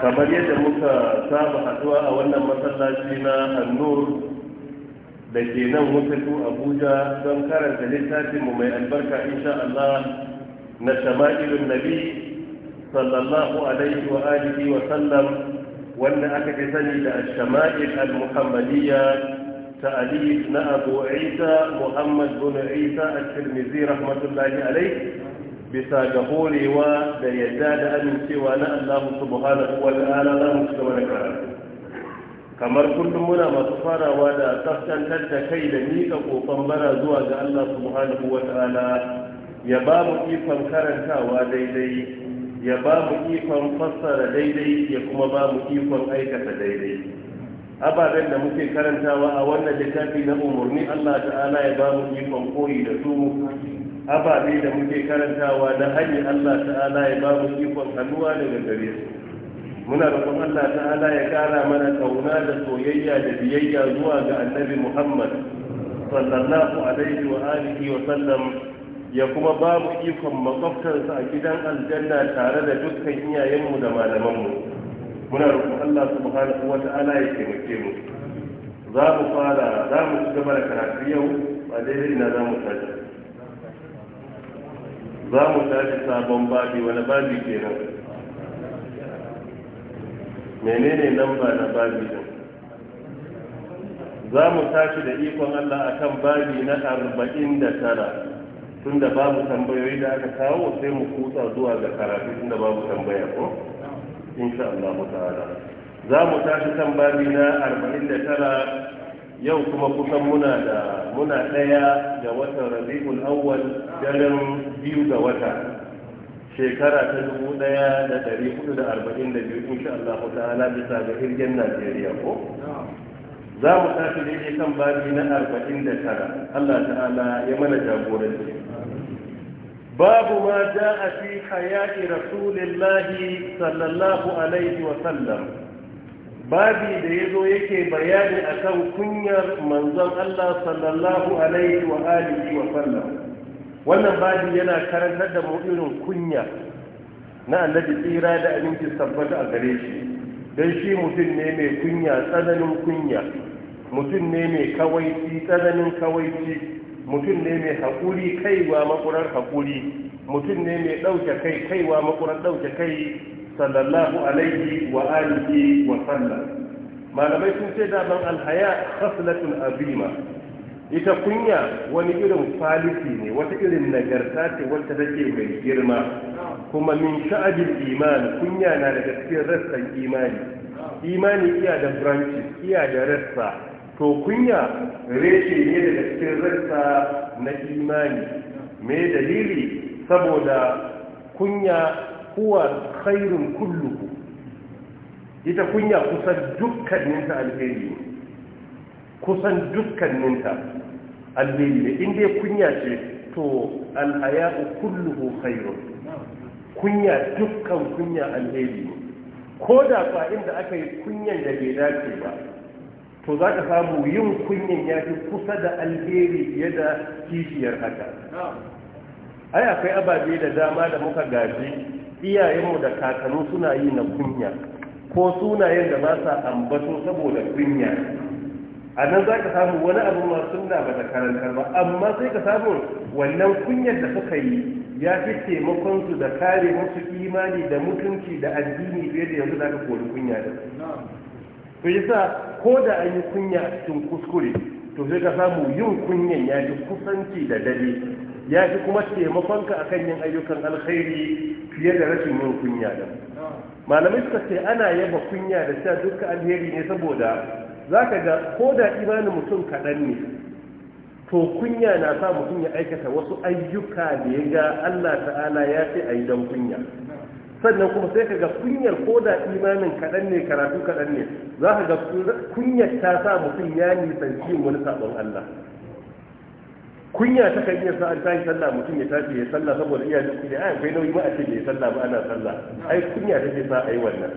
kamar yadda muka saba haduwa a wannan masallaci na annur da ke nan wutattu abuja don karanta littafinmu mai albarka insha Allah na shama'ilun nabi sallallahu alaihi wa alihi wa sallam wanda aka fi sani da shama'il al-muhammadiyya ta'alif na abu isa muhammad bin isa al-tirmidhi rahmatullahi alaihi bisa ga horewa da yadda da amincewa na Allah subhanahu wa ta'ala za mu mana karatu kamar kullum muna masu farawa da tsaftantar da kai da miƙa kokon bara zuwa ga Allah subhanahu wa ta'ala ya ba mu ikon karantawa daidai ya ba mu ikon fassara daidai ya kuma ba mu ikon aikata daidai ababen da muke karantawa a wannan littafi na umarni Allah ta'ala ya ba mu ikon koyi da su ababe da muke karantawa na hanyar Allah ta'ala ya ba mu ikon hannuwa daga gare su muna roƙon Allah ta'ala ya ƙara mana kauna da soyayya da biyayya zuwa ga annabi Muhammad sallallahu alaihi wa alihi wa sallam ya kuma ba mu ikon makwabtarsa a gidan aljanna tare da dukkan iyayenmu da malamanmu muna roƙon Allah subhanahu wa ta'ala ya taimake mu za mu fara za mu ci gaba da karatu yau a daidai na za mu tashi za mu tashi sabon babi wani babi ke nan? menene ba na babi nan? za mu tashi da ikon Allah a kan babi na arba'in da tara da babu tambayoyi da aka kawo sai mu kusa zuwa ga karatu da babu tambaya ko insha Allah ta'ala za mu tashi kan babi na arba'in da tara yau kuma kusan muna da muna ɗaya ga watan rabi'ul awwal daren biyu ga wata shekara ta dubu ɗaya da dari hudu da arba'in da biyu insha Allah ta'ala bisa ga hirgen Najeriya ko za mu tafi daidai kan babi na arba'in da tara Allah ta'ala ya mana jagoranci babu ma ja'a fi hayati rasulillahi sallallahu alaihi wa sallam babi da ya zo yake bayani akan kunyar manzon Allah sallallahu alaihi wa alihi wa sallam wannan babi yana karantar da mu'irin kunya na annabi tsira da aminci sabbata a gare shi don shi mutum ne mai kunya tsananin kunya mutum ne mai kawaici tsananin kawaici mutum ne mai haƙuri kaiwa makurar haƙuri mutum ne mai ɗauke kai kaiwa makurar ɗauke kai sallallahu alaihi wa alihi wa sallam malamai sun ce daman alhaya khaslatul azima ita kunya wani irin falisi ne wata irin nagarta ce wacce take mai girma kuma min sha'abil iman kunya na daga cikin rassan imani imani iya da branches iya da rassa to kunya reshe ne daga cikin rassa na imani me dalili saboda kunya huwa khairun kulluhu ita kunya kusan dukkaninta alheri ne kusan dukkaninta alheri ne inda kunya ce to alhaya'u kulluhu khairun kunya dukkan kunya alheri ko da fa inda aka yi kunyan da bai dace ba to za ka samu yin kunyan ya fi kusa da alheri fiye da kishiyar haka ai akwai ababe da dama da muka gaji iyayenmu da kakannu suna yi na kunya ko sunayen da ba sa ambato saboda kunya a nan za ka samu wani abu ma sunna ba da karantar ba amma sai ka samu wannan kunyar da suka yi ya fi taimakon su da kare musu imani da mutunci da addini fiye da yanzu da aka kori kunya da su yasa ko da an yi kunya a cikin kuskure to sai ka samu yin kunyan ya fi kusanci da dare ya fi kuma taimakonka a kan yin ayyukan alkhairi fiye da rashin yin kunya da malamai suka ce ana yaba kunya da cewa duka alheri ne saboda za ka ga ko da imanin mutum kaɗan ne to kunya na sa mutum ya aikata wasu ayyuka da ya ga allah ta'ala ya ce a yi don kunya sannan kuma sai ka ga kunyar ko da imanin kaɗan ne karatu kaɗan ne za ka ga kunyar ta sa mutum ya nisanci wani sabon allah kunya ta kan iya sa an tashi sallah mutum ya tashi ya sallah saboda iya su ne ai kai nauyi ba a ce bai sallah ba ana sallah ai kunya take sa ai wannan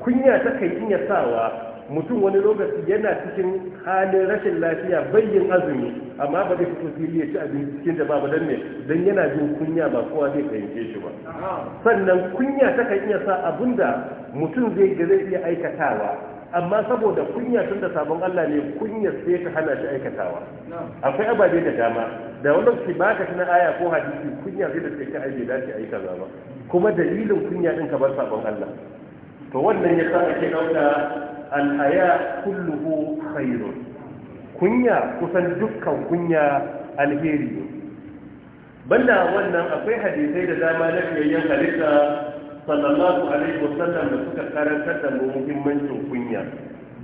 kunya ta kan iya sawa mutum wani lokaci yana cikin halin rashin lafiya bayyin azumi amma ba zai fito fili ya ci abinci cikin da babu dan ne dan yana jin kunya ba kowa zai fahimce shi ba sannan kunya ta kan iya sa abinda mutum zai ga zai iya aikatawa amma saboda kunya tun da sabon Allah ne kunya sai ta hana shi aikatawa akwai ababe da dama da wanda lokaci ba ka aya ko hadisi kunya zai da sai ka aje da shi yi ba kuma dalilin kunya din ka bar sabon Allah to wannan ya sa ake dauka al aya kulluhu khairun kunya kusan dukkan kunya alheri banda wannan akwai hadisai da dama na fiyayyen halitta sallallahu alaihi wasallam da suka karantar da muhimmancin kunya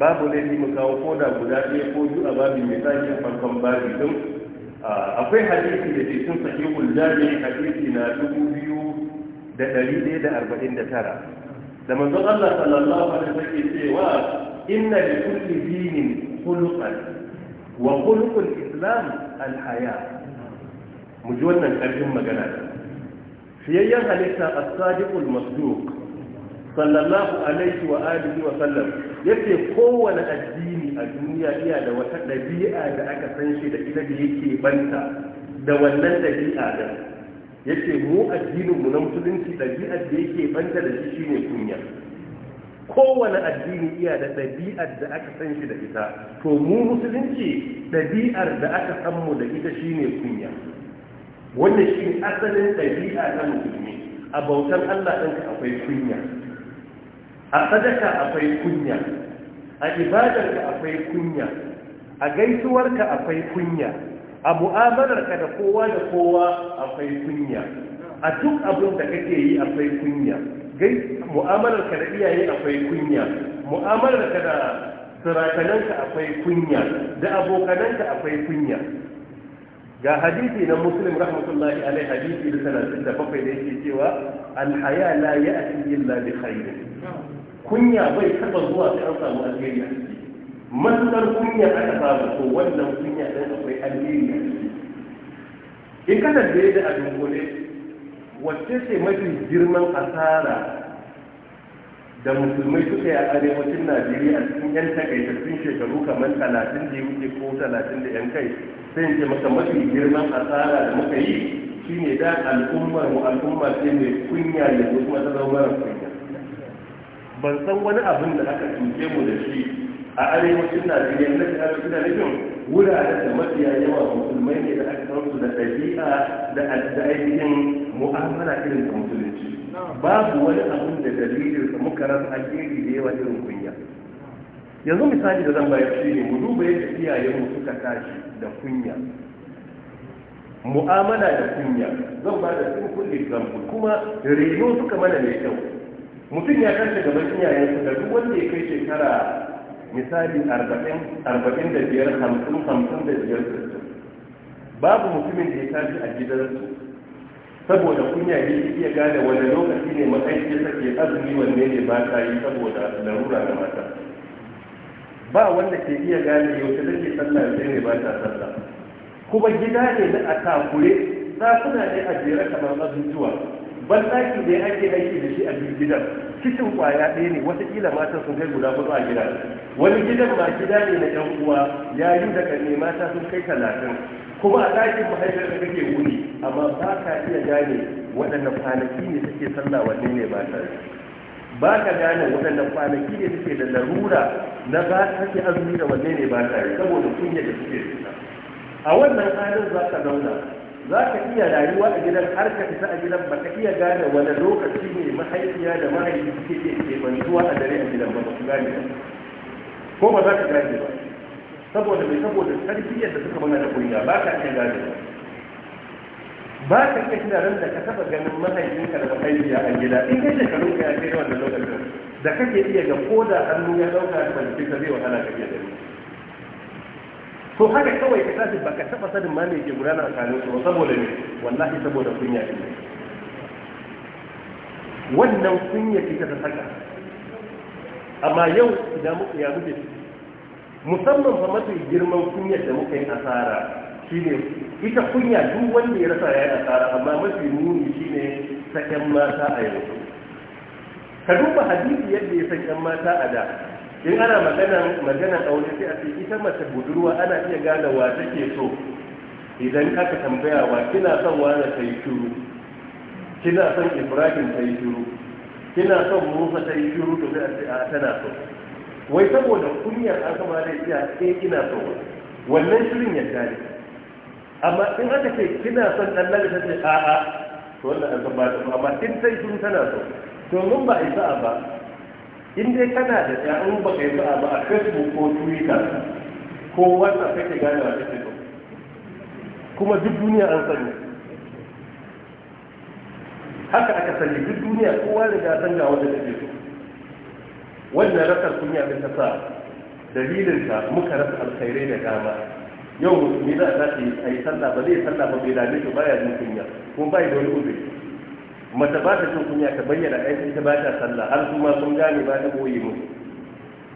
babu laifi mu kawo koda guda ɗaya ko biyu a babin misali a farkon babi din akwai hadisi da ke sun sake jami hadisi na dubu biyu da ɗari ɗaya da arba'in da tara da manzon Allah sallallahu alaihi wasallam ke cewa inna li kulli dinin khuluqan wa khuluqul islam al haya mu ji wannan ƙarfin magana fiyayyen halitta a sadiƙul masu sallallahu alaihi wa alihi wa sallam ce kowane addini a duniya iya da wata ɗabi'a da aka san shi da ita da yake banta da wannan ɗabi'a da ce mu addinin mu na musulunci ɗabi'ar da yake banta da shi shi ne kunya kowane addini iya da ɗabi'ar da aka san shi da ita to mu musulunci ɗabi'ar da aka san mu da ita shi ne kunya wanda shi asalin ɗabi'a na musulmi a bautar Allah ɗanka akwai kunya a sadaka akwai kunya a ibadarka akwai kunya a gaisuwarka akwai kunya a mu'amalarka da kowa da kowa akwai kunya a duk abin da kake yi akwai kunya mu'amalarka da iyaye akwai kunya mu'amalarka da suratananka akwai kunya da abokananka akwai kunya ga hadisi na muslim rahmatullahi alai hadisi da talatin da bakwai da yake cewa alhaya la ya ati illa bi khairin kunya bai taba zuwa sai an samu alheri a ciki matukar kunya aka samu to wannan kunya dan akwai alheri a ciki in ka tambaye da a dunkule wacce ce mafi girman asara da musulmai suka yi a arewacin najeriya cikin yan takaitattun shekaru kamar talatin da ya wuce ko talatin da yan kai sai ce maka mafi girman asara da muka yi shine da al'ummar mu al'umma ce mai kunya ko kuma ta zama mara kunya ban san wani abin da aka tuke mu da shi a arewacin najeriya na da nufin wuraren da mafiya yawa musulmai ne da aka san su da ɗabi'a da addinin mu'amala irin da musulunci babu wani abin da dalilin sa muka rasa alheri da yawa irin kunya yanzu misali da zan bayar shi ne mu duba yadda iyayenmu suka tashi da kunya mu'amala da kunya zan ba da simple example kuma reno suka mana mai kyau mutum ya kanta gaban iyayensu da duk wanda ya kai shekara misali arba'in da biyar hamsin hamsin da biyar babu mutumin da ya tashi a gidansu saboda kunya ne iya gane wani lokaci ne mahaifiyarsa ke azumi wanne ne ba ta yi saboda larura da mata ba wanda ke iya gane yaushe take sallah da ne ba ta sallah kuma gida ne na a takure ɗakuna ne a jere kamar zuwa ban ɗaki ne ake aiki da shi a gidan cikin kwaya ɗaya ne watakila mata sun kai guda hudu a gida wani gidan ba gida ne na yan uwa yayi da ne mata sun kai talatin kuma a ɗakin haifar da kake wuni amma ba ka iya gane waɗannan kwanaki ne take sallah wanne ne ba ta. ba ka gane waɗannan kwanaki ne suke da larura na ba ta ke azumi da wanne ne ba ta yi saboda kunya da suke suna a wannan halin za ka zauna za ka iya rayuwa a gidan har ka fita a gidan ba ka iya gane wani lokaci ne mahaifiya da mahaifi suke ke bantuwa a dare a gidan ba ba su gane ba ko ba za ka gane ba saboda mai saboda tarbiyyar da suka bana da kunya ba ka iya gane ba ba ka iya tunanin da ka taba ganin mahaifinka da mahaifiya a gida in kai shekarun ka ya kai wannan lokacin da kake iya ga ko da hannu ya dauka da malfi ka zai wahala ka iya gani to haka kawai ka tashi ka taba sanin ma me ke gudana a kanin su saboda ne wallahi saboda kunya ne wannan kunya ita ta saka amma yau idan mu ya muke musamman fa mafi girman kunya da muka yi asara shi ne ita kunya duk wanda ya rasa ya asara amma mafi nuni shi ne saƙen mata a yanzu ka duba hadisi yadda ya saƙen mata a da in ana maganan maganan wani sai a ce ita mace budurwa ana iya gane wa take so idan aka tambaya wa kina son wani ta yi shuru kina son ibrahim ta yi shuru kina son musa ta yi shuru to sai a ce a tana so wai saboda kunyar an kama da iya eh ina so wannan shirin yadda ne amma in aka ce kina son dan ladi ta ce a'a to wannan an san ba ta amma in sai sun tana so domin ba isa ba in dai kana da an ba kai ba a facebook ko twitter ko whatsapp kake gane wa kake so kuma duk duniya an sani haka aka sani duk duniya kowa riga san ga wanda kake so wannan rasar kunya da ta sa dalilinta muka rasa alkhairai da dama yau musulmi za a tashi a yi sallah ba zai sallah ba bai dame shi baya jin kunya kuma bai da wani uzuri mace ba ta jin kunya ta bayyana aiki ta ba ta sallah har su ma sun gane ba ta boye musu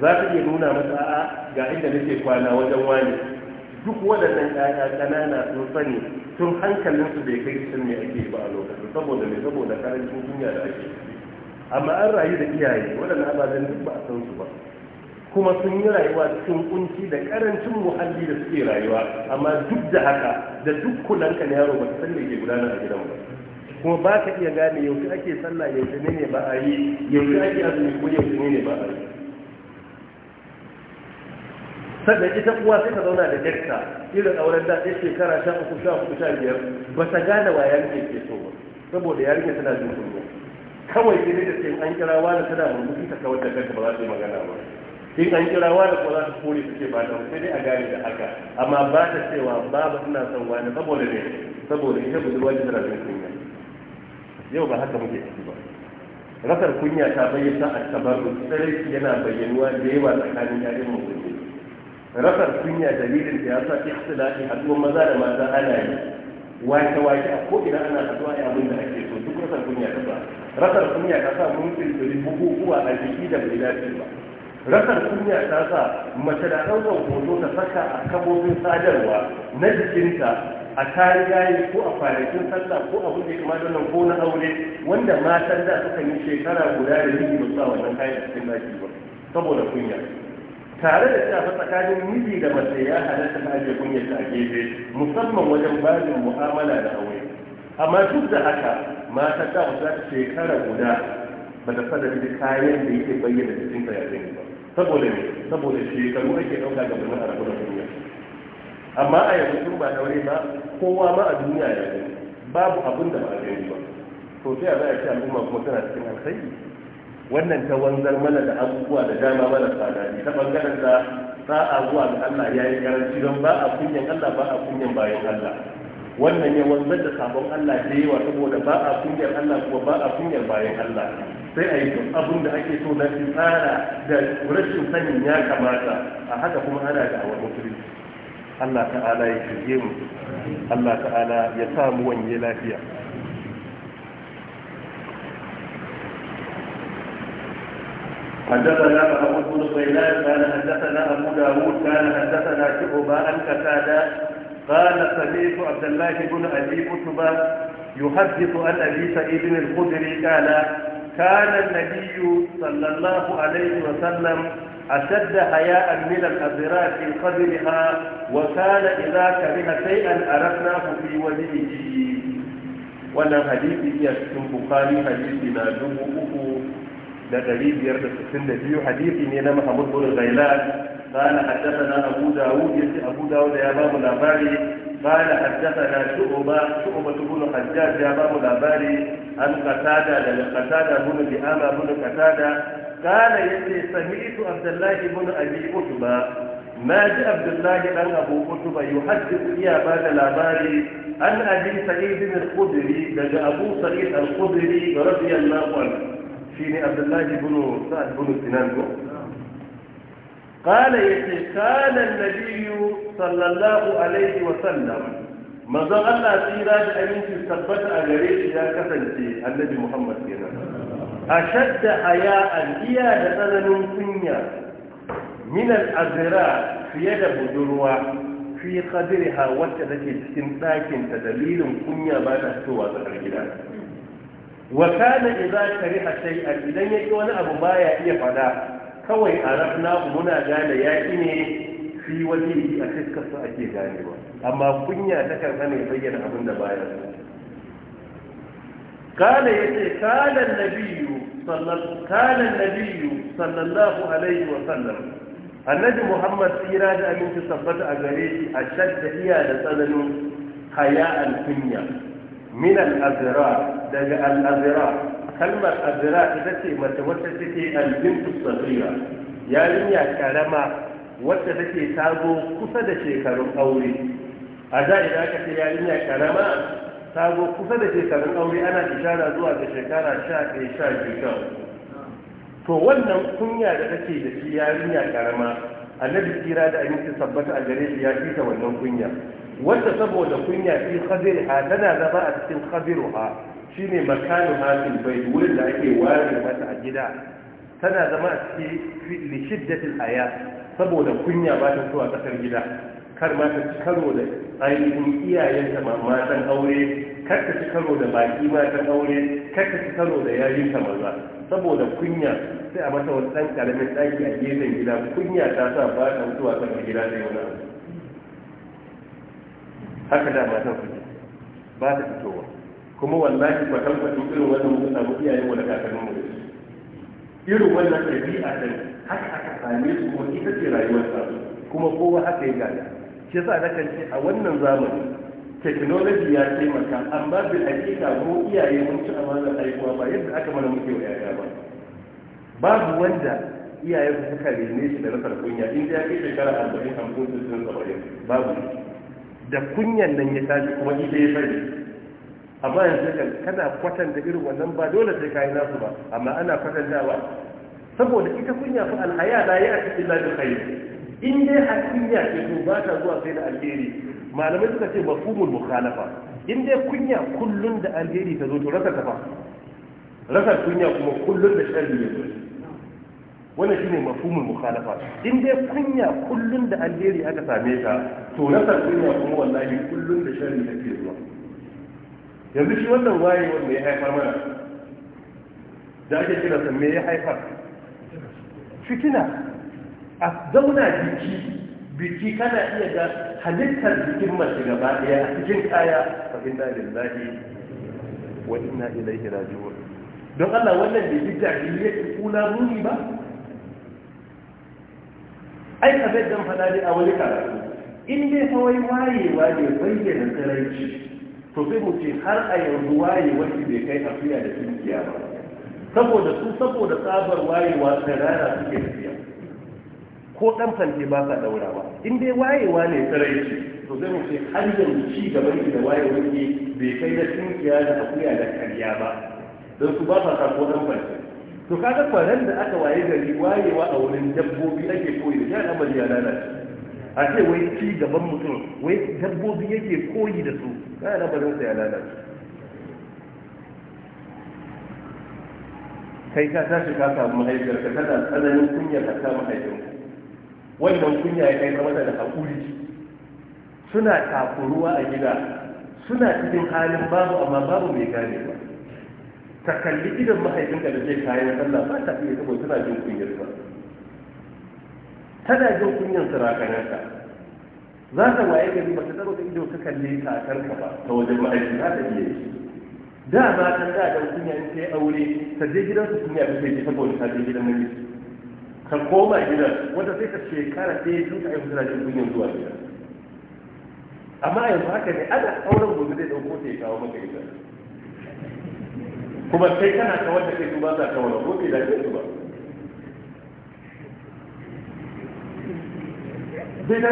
za ta iya nuna masa a'a ga inda nake kwana wajen wani duk waɗannan ƴaƴa ƙanana sun sani tun hankalinsu bai kai sun me ake ba a lokacin saboda me saboda karancin kunya da ake amma an rayu da iyaye waɗannan ababen duk ba a san su ba kuma sun yi rayuwa cikin kunci da karancin muhalli da suke rayuwa amma duk da haka da duk kullum na yaro bata ta sanya ke gudana a gidan ba kuma ba ka iya gane yaushe ake sallah yanzu ne ne ba a yi yaushe ake azumi ko yaushe ne ne ba a yi sannan ita uwa sai ta zauna da dakta irin auren da ɗaya shekara sha uku sha uku sha biyar ba ta gane wa yarinya ke so ba saboda yarinya tana jin kunya kawai ne da ce an kira wani tana murmushi ta kawar da kanta ba za ta yi magana ba in an kira wani ko za ta kore su ce ba ta sai dai a gane da haka amma ba ta cewa ba suna son wani saboda ne saboda ita budurwa da tarafin kunya yau ba haka muke ciki ba rasar kunya ta bayyana a tabarru sarai yana bayyanuwa da yawa tsakanin yayin musulmi rasar kunya dalilin da ya sa a haduwar maza da mata ana yi wake wake a ko ina ana haduwa a abin da ake so duk rasar kunya ta ba rasar kunya ta sa mun filfili bukukuwa a jiki da bai dace ba rasar kunya ta sa mace da ɗaukar hoto ta saka a kabobin sadarwa na jikinta a tarihi ko a kwanakin sallah ko a wuce kamar da nan ko na aure wanda matan da suka yi shekara guda da miji ba sa wannan kayan cikin daki ba saboda kunya tare da cewa tsakanin miji da mace ya halatta ta ajiye kunya ta gefe musamman wajen bajin mu'amala da aure amma duk da haka matan da ta shekara guda ba ta da kayan da yake bayyana jikinta ya ba saboda ne saboda shekaru ake ɗauka ga mutum a rabu da duniya amma a yanzu tun ba daure ba kowa ma a duniya ya gani babu abin da ba a gani ba to sai a zai ce al'umma kuma tana cikin alkhairi wannan ta wanzar mana da abubuwa da dama mana tsada ta bangaren da sa'a zuwa ga Allah ya yi karanci don ba a kunyan Allah ba a kunyan bayan Allah wannan ya wanzar da sabon Allah da yawa saboda ba a kunyar Allah kuma ba a kunyar bayan Allah sai a yi duk abin da ake so na tsara da rashin sanin ya kamata a haka kuma ana da awar musulunci Allah ta'ala ya shirye mu Allah ta'ala ya samu wanye lafiya حدثنا أبو بن غيلان قال حدثنا أبو داود قال حدثنا شعبة عن قتادة قال سمعت عبد الله بن أبي قتبة يحدث عن أبي سعيد الخدري قال كان النبي صلى الله عليه وسلم أشد حياء من الأذراء في قدرها وكان إذا كره شيئا أردناه في وجهه wannan hadisi iya cikin bukari hadisi na dubu uku da ɗari biyar da sittin da biyu hadisi ne na mahamud bin zailan قال حدثنا أبو داود يسي أبو داود يا باب الأباري قال حدثنا شعبة شعبة بن حجاج يا باب الأباري عن قتادة لأن قتادة بن دئامة بن قتادة قال يدي سمعت عبد الله بن أبي قتبة ما جاء عبد الله بن أبو قتبة يحدث يا باب الأباري عن أبي سعيد الخدري لدى أبو سعيد الخدري رضي الله عنه فيني عبد الله بن سعد بن سنان قال يتي كان النبي صلى الله عليه وسلم ماذا قال في راج أمين في السبت أغريب يا كثنتي النبي محمد كينا أشد حياء إيا جسدن سنيا من الأزراء في يد بدروة في قدرها وكذلك استمتاك تدليل سنيا بعد أسوى تقريبا وكان إذا كره شيئا إذن يكون أبو بايا إيا فلا kawai a rafna muna gane yaƙi ne fi waje a fiskarsa ake ganewa amma kunya ta karfa ne bayyana abin da bayan قال يتي قال النبي صلى قال النبي صلى الله عليه وسلم annabi muhammad tsira da aminci tabbata a gare shi a shadda iya da tsananin haya alkunya min al'azira daga al'azira kalmar azra ita ce mace wacce take albintu safiya yarinya karama wacce take tago kusa da shekarun aure a da idan aka ce yarinya karama tago kusa da shekarun aure ana ishara zuwa ga shekara sha ɗaya sha biyu to wannan kunya da take da shi yarinya karama annabi tsira da aminci sabbata a gare shi ya fita wannan kunya wanda saboda kunya fi khadirha tana zama a cikin khadirha shine makanu hafin bai wurin da ake ware mata a gida tana zama a cikin li shiddatil aya saboda kunya ba ta zuwa kasar gida kar ma ta ci karo da ainihin iyayen ta matan aure kar ta ci karo da baki matan aure kar ta ci karo da yayin ta maza saboda kunya sai a mata wani dan karamin daki a gefen gida kunya ta sa ba ta zuwa kasar gida da yau haka da matan kuke ba ta fitowa kuma wallahi ba kan fadi irin wannan muka samu iyayen mu da kakannin mu irin wannan tabi'a din haka aka same su kuma ita ce rayuwar sa kuma kowa haka ya gada shi yasa na kan ce a wannan zamani technology ya taimaka amma bil hakika mu iyaye mun ci a haihuwa ba yadda aka mana muke wa yaya ba babu wanda iyaye su suka rene shi da rasar kunya in ya kai shekara arba'in hamsin sittin saba'in babu da kunyan nan ya tashi kuma ita ya fari amma yanzu kan kana kwatanta irin wannan ba dole sai kayi nasu ba amma ana kwatantawa saboda ita kunya fa alhaya la ya ta illa bil khair in dai hakinya ce to ba ta zuwa sai da alheri malamai suka ce mafhumul mukhalafa in dai kunya kullun da alheri ta zo to rasa ta fa rasa kunya kuma kullun da sharri ya zo wannan shine mafhumul mukhalafa in dai kunya kullun da alheri aka same ta to rasa kunya kuma wallahi kullun da sharri take zuwa yanzu shi wannan waye wanda ya haifar mana da ake kira san me ya haifar fitina a zauna biki biki kana iya ga halittar jikin mace gaba daya a cikin kaya fa inna lillahi wa inna ilaihi raji'un don Allah wannan bai ji jahiliya ki kula muni ba ai ka bai dan fada a wani karatu in dai kawai wayewa ne bayyana tsiraici to sai mu ce har a yanzu waye wanda bai kai afiya da tunkiya ba saboda su saboda tsabar wayewa rana suke tafiya ko dan fanti ba ka daura ba in dai wayewa ne sarai ce to sai mu ce har yanzu ci gaban da waye wanda bai kai da tunkiya da afiya da karya ba don su ba sa ko dan fanti. to kaga kwaran da aka waye gari wayewa a wurin dabbobi ake koyi da ya al'amari lalace a ce wai ci gaban mutum wai dabbobi yake koyi da su kaya labarin sa ya lalace kai ka tashi ka samu mahaifiyar ka tana tsananin kunyar ka samu mahaifiyar wannan kunya ya kai zama da hakuri suna takuruwa a gida suna cikin halin babu amma babu mai gane ba ta kalli idan mahaifinka da zai kayan sallah ba ta fiye saboda suna jin kunyar ba tana jin kunyan sarakanarka za ta waye gari ba ta taba da ido ka kalle kakarka ba ta wajen ma'aiki za ta iya yi da ma ta da da kunya in aure ta je gidan su kunya ba sai ta saboda ta je gidan miji ka koma gidan wanda sai ka shekara ɗaya tun ka aiki tana jin kunyan zuwa gidan amma yanzu haka ne ana auren gobe zai dauko ta ya kawo maka gidan kuma sai kana kawar wanda kai duba za ka wani gobe da ke ba bai ba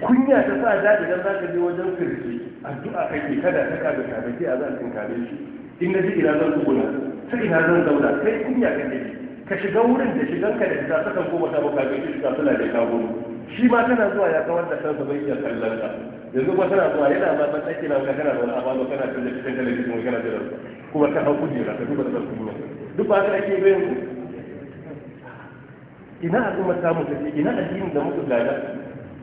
kunya ta sa da idan za ka je wajen kirki addu'a kake kada ta kaga kabaki a zan tinkare shi in da ji ina zan tsuguna ta ina zan zauna sai kunya kake ka shiga wurin da shigan ka da ta saka goma ta baka ga shi ta suna da kawo shi ma tana zuwa ya kawar da kansa bai iya kallon ka yanzu kuma tana zuwa yana ma ban ɗaki na ka kana zaune a bano kana kallon cikin talabijin kana jiran kuma ta hau kujera ka duba da kunya duk ba ka ake bayan ku ina al'ummar samun tafi ina addinin da muka gada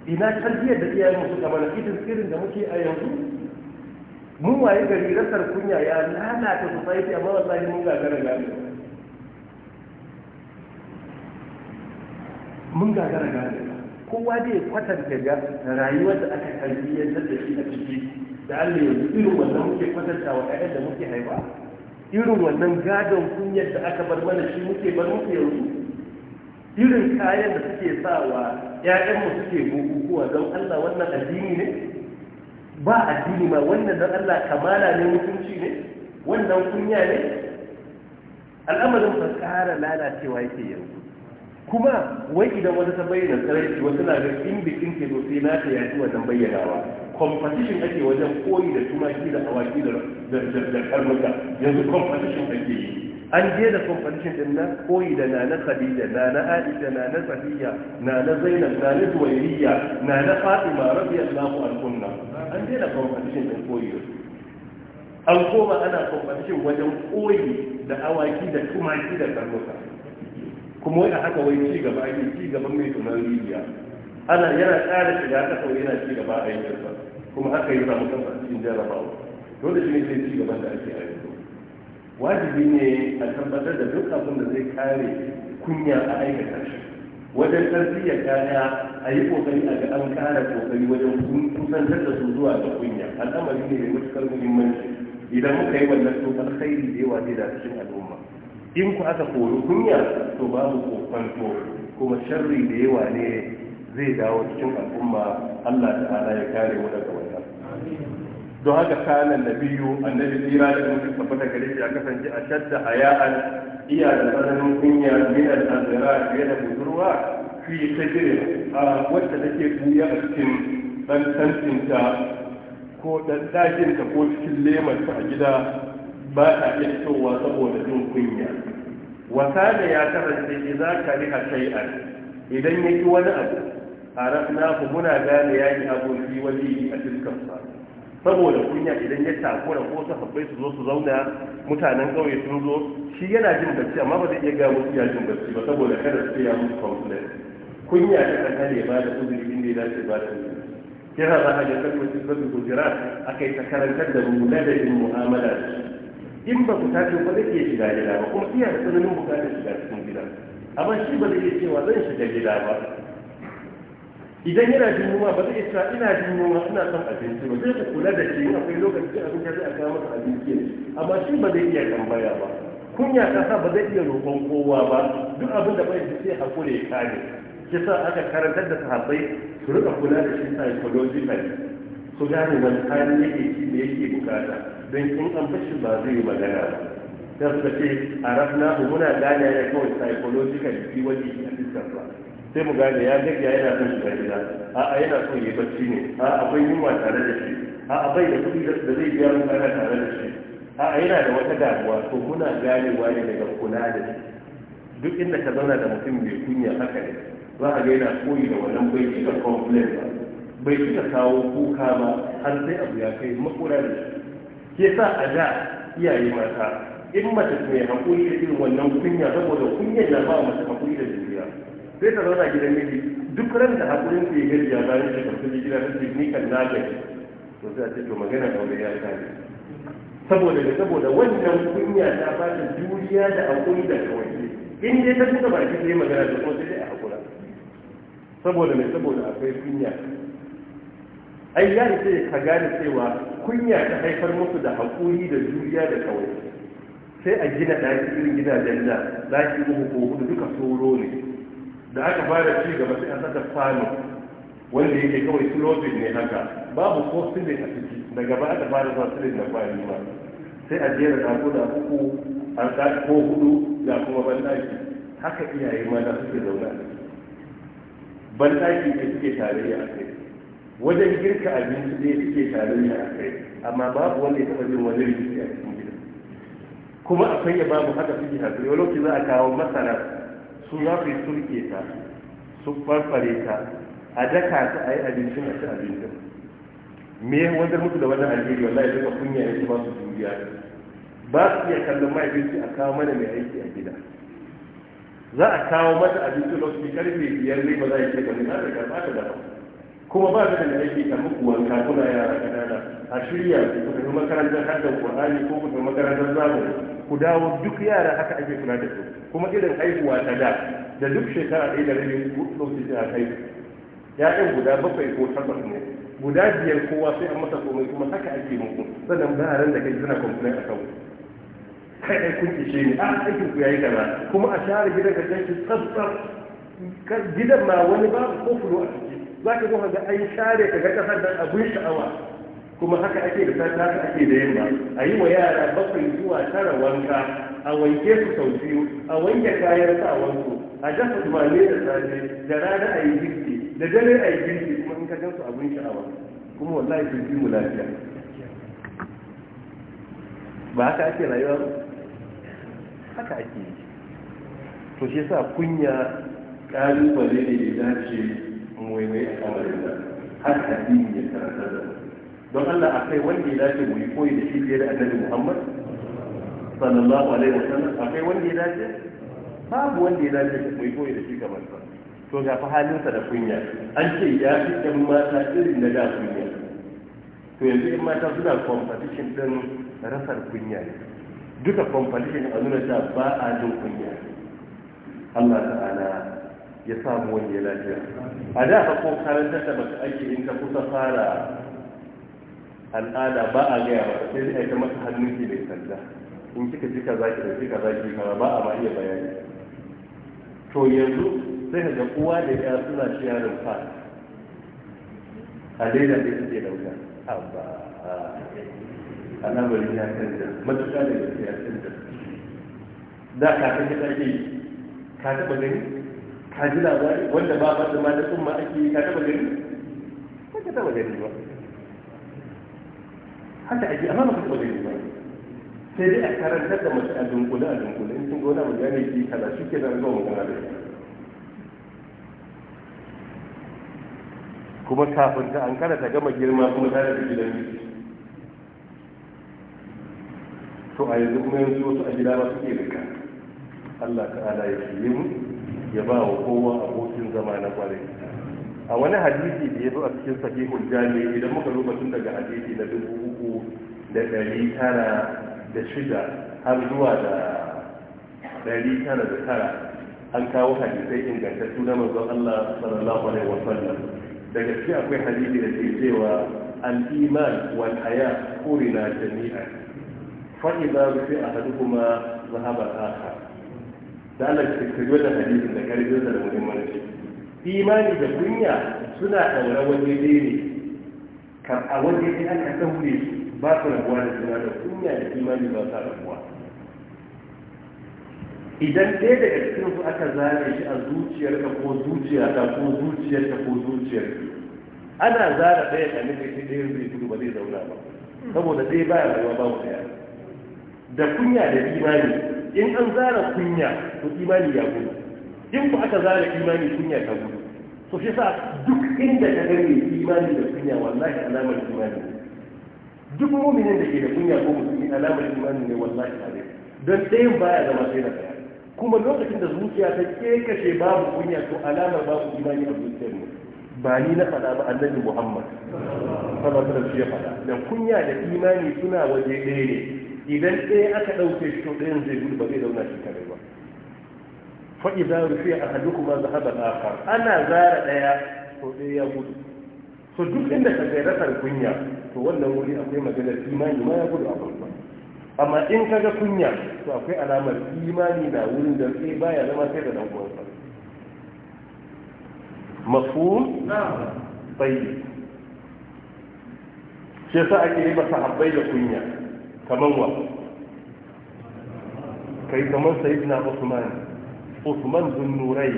ina tarbiyyar da iyayen suka kamar irin sirrin da muke a yanzu mun waye gari rasar kunya ya lalata su society amma wallahi mun gagara gane mun gagara gane kowa da ya kwatanta ga rayuwar da aka ya da shi a ciki da Allah yanzu irin wannan muke kwatanta wa ƴaƴan da muke haifa irin wannan gadon kunyar da aka bar mana shi muke bar muke yanzu irin kayan da suke sawa 'ya'yanmu suke bukukuwa don Allah wannan addini ne ba addini ma wannan don Allah kamala ne mutunci ne wannan kunya ne al'amarin ba ƙara lalacewa yake yanzu kuma wai idan wata ta bayyana tsaraici wasu na da in bikin ke zo sai na ta yaji wajen bayyanawa competition ake wajen koyi da tumaki da awaki da karnuka yanzu competition ake yi an je da kwamfanishin din na koyi da na na khadija na na aisha na na safiya na na zainab na na duwairiya na na fatima radiyallahu anhunna an je da kwamfanishin din koyi an koma ana kwamfanishin wajen koyi da awaki da tumaki da karnuka kuma wai a haka wai ci gaba ake ci gaban mai tunan rijiya ana yana tsara shiga kasa yana ci gaba a yankin kuma haka yi samu kansa cikin jarabawa dole shi ne sai ci gaban da ake a yanzu wajibi ne a tabbatar da duk abin da zai kare kunya a aikata shi wajen tarbiyyar kaya a yi kokari a ga an kara kokari wajen kusantar da su zuwa ga kunya al'amari ne mai matukar muhimmanci idan muka yi wannan to alkhairi da yawa zai da cikin al'umma in ku aka kunya to babu kokonto kuma sharri da yawa ne zai dawo cikin al'umma Allah ta'ala ya kare mu daga don haka kana nabiyu annabi tsira da mutum tabbata gare shi ya kasance a shadda haya'an iya da tsananin kunya min al-azira fiye da budurwa fi tajiri a wacce take buya a cikin dan tantinta ko dan ko cikin lemarta a gida ba ta iya fitowa saboda jin kunya wasa da ya kasance idan kari a shay'an idan ya wani abu a rafna ku muna gane ya yi aboki wani a cikin sa saboda kunya idan ya takura ko ta habbai su zo su zauna mutanen ƙauye sun zo shi yana jin bacci amma ba zai iya gaya musu ya jin bacci ba saboda kada su ya musu complain kunya ta kan hale ba da uzuri inda ya dace ba da uzuri yana za a ga kalmar sirrin hujira a kai ta karantar da mu ladabin mu'amala in ba ku tafi ba zai iya shiga gida ba kuma iya da tsananin bukatar shiga cikin gida amma shi ba zai iya cewa zan shiga gida ba idan yana jin yunwa ba zai isa ina jin yunwa ina son abinci ba zai ka kula da shi akwai lokaci abin da zai a kawo masa abinci amma shi ba zai iya tambaya ba kunya ta sa ba zai iya roƙon kowa ba duk abin da bai sai hakuri ya kare Ki sa aka karantar da sahabbai su rika kula da shi psychologically su gane wani tsari yake ci da yake bukata don in an bashi ba zai yi magana ba sai suka ce a rafna muna gane ya kawai psychological shi wani a fiskar ba sai mu gane ya ya yana son shiga gida a'a yana son yi bacci ne a'a akwai yunwa tare da shi a'a bai da kuɗi da zai biya mu kana tare da shi a'a yana da wata damuwa to muna ganewa ne daga kula da shi duk inda ka zauna da mutum mai kunya haka ne za a ga yana koyi da wannan bai cika complain ba bai cika kawo kuka ba har sai abu ya kai makura da shi ke sa a da iyaye mata in mace mai haƙuri da irin wannan kunya saboda kunyar na ba mace haƙuri da sai ta zauna gidan miji duk ran da hakurin ke gari ya bayan shi kafin da gida ta ni kan na gari to sai a ce to magana da ya kare saboda da saboda wannan kunya ta ba juriya da hakuri da kawai in dai ta buga baki sai magana da kuma sai a hakura saboda mai saboda akwai kunya ai ya ce ka gane cewa kunya ta haifar musu da hakuri da juriya da kawai sai a gina ɗaki irin gidajen da ɗaki uku ko hudu duka tsoro ne da aka fara ci gaba sai a saka falo wanda yake kawai filofin ne haka babu ko sile a ciki da gaba aka fara zuwa sile na kwari ba sai a jera da uku an ɗaki ko hudu da kuma banɗaki haka iyaye da suke zauna banɗaki ne suke tarayya a kai wajen girka abinci ne suke tarayya a kai amma babu wanda ya taɓa jin wani rikici a cikin gida kuma akwai ya babu haka suke hasiri wani lokaci za a kawo masana su za su yi surke ta su farfare ta a daka ta a yi abincin a ci abincin me wajen mutu da wannan alheri ya duka kunya ya ba su juriya ba su iya kallon ma'aikaci a kawo mana mai aiki a gida za a kawo mata abinci su karfe biyar ne ba za a yi ce ba ne za ta ba ta dafa kuma ba da da yake da muku wanka kuna yara kanana a shirya ku tafi makarantar hadda qur'ani ko ku tafi makarantar zamani ku dawo duk yara haka ake kula da su kuma irin haihuwa ta da da duk shekara ɗaya da rabin lokaci a kai ya'yan guda bakwai ko takwas ne guda biyar kowa sai an masa komai kuma haka ake muku sannan ran da kai suna complain a kan kai ai kun kishe ni a ah, aikin ku yayi kaza kuma a share gidan ka kai tsaf gidan ma wani babu ko fulo a ciki za ka kuma ga an share ka ga kasar nan abin sha'awa kuma haka ake da sanda haka ake da yamma a yi wa yara bakwai zuwa tara wanka a wanke su sau biyu a wanke kayan sawansu a dafa dumame da safe da rana a yi girki da dare a yi girki kuma in ka gan su abin sha'awa kuma wallahi sun fi mu lafiya ba haka ake rayuwa ba haka ake yi to shi sa kunya ƙalubale ne da dace muhimmai a kamarin da har addini ya karanta da don Allah akai wanda ya dace mu yi koyi da shi fiye da annabi Muhammad sallallahu alaihi wa wasallam akai wanda ya dace babu wanda ya dace mu yi koyi da shi kamar sa to ga fa halinsa da kunya an ce ya fi ɗan mata irin na da kunya to yanzu ɗan mata suna competition din rasar kunya duka competition a nuna ta ba a jin kunya Allah ta'ala ya samu wani ya lafiya a da ba ko karantar da mace ake in ka kusa fara al'ada ba a gaya ba sai dai aika masa hannun ke mai sanda in kika ji kaza ki da kika za ki kaza ba a ma iya bayani to yanzu sai ka ga uwa da ya suna shi yaron fa a daidai da suke dauka abba al'amarin ya canza matuƙa da ya canza da ka ta ke ka taɓa gani kaji labari wanda ba ba da sun ma ake yi ka taba gani ba ka taba gani ba haka ake amma ba ka taba gani ba sai dai a karantar da mace a dunkule a dunkule in sun gona mai gane ki kaza shi ke zan zo gana da shi kuma kafin ta an ta gama girma kuma ta da gidan miji to a yanzu kuma yanzu wasu a gida ba suke rika Allah ta'ala ya fiye mu ya ba wa kowa abokin zama na kwarai a wani hadisi da ya zo a cikin sahihul jami idan muka lokacin daga hadisi na dubu uku da ɗari tara da shida har zuwa da ɗari tara da tara an kawo hadisai ingantattu na manzon Allah sallallahu alaihi wa sallam. daga cikin akwai hadisi da ke cewa al-iman wal haya kurina jami'an fa idza bi ahaduhuma zahaba akhar da Allah ke kajo da hadisin da karfi da muhimmanci imani da kunya suna ɗaura waje ne kan a waje dai aka daure ba su rabuwa da suna da kunya da imani ba sa rabuwa idan ɗaya daga cikin su aka zare shi a zuciyarka ko zuciyarka ko zuciyarka ko zuciyarka ana zara ɗaya a nufin ɗaya zai gudu ba zai zauna ba saboda ɗaya ba ya rayuwa ba mu ɗaya da kunya da imani in an zara kunya to imani ya gudu in ku aka zara imani kunya ta gudu so shi sa duk inda ka gani imani da kunya wallahi alamar imani duk muminin da ke da kunya ko musulmi alamar imani ne wallahi alai don ɗayan baya zama sai na kaya kuma lokacin da zuciya ta kekashe babu kunya to alamar babu imani a zuciyar mu ba ni na faɗa ba annabi muhammad sallallahu alaihi wasallam ya faɗa da kunya da imani suna waje ɗaya ne idan ɗaya aka ɗauke shi to ɗayan zai gudu ba zai zauna shi kare ba a hannu kuma za a al-akhar ana zara ɗaya to ɗaya ya gudu to duk inda ka ga rasar kunya to wannan wuri akwai maganar imani ma ya gudu a farko amma in ka ga kunya to akwai alamar imani na wurin da sai baya zama sai da ɗan uwansa mafhum na'am tayyib shi yasa ake yi sahabbai da kunya kaman wa kai kaman sayyidina usman usman bin nurai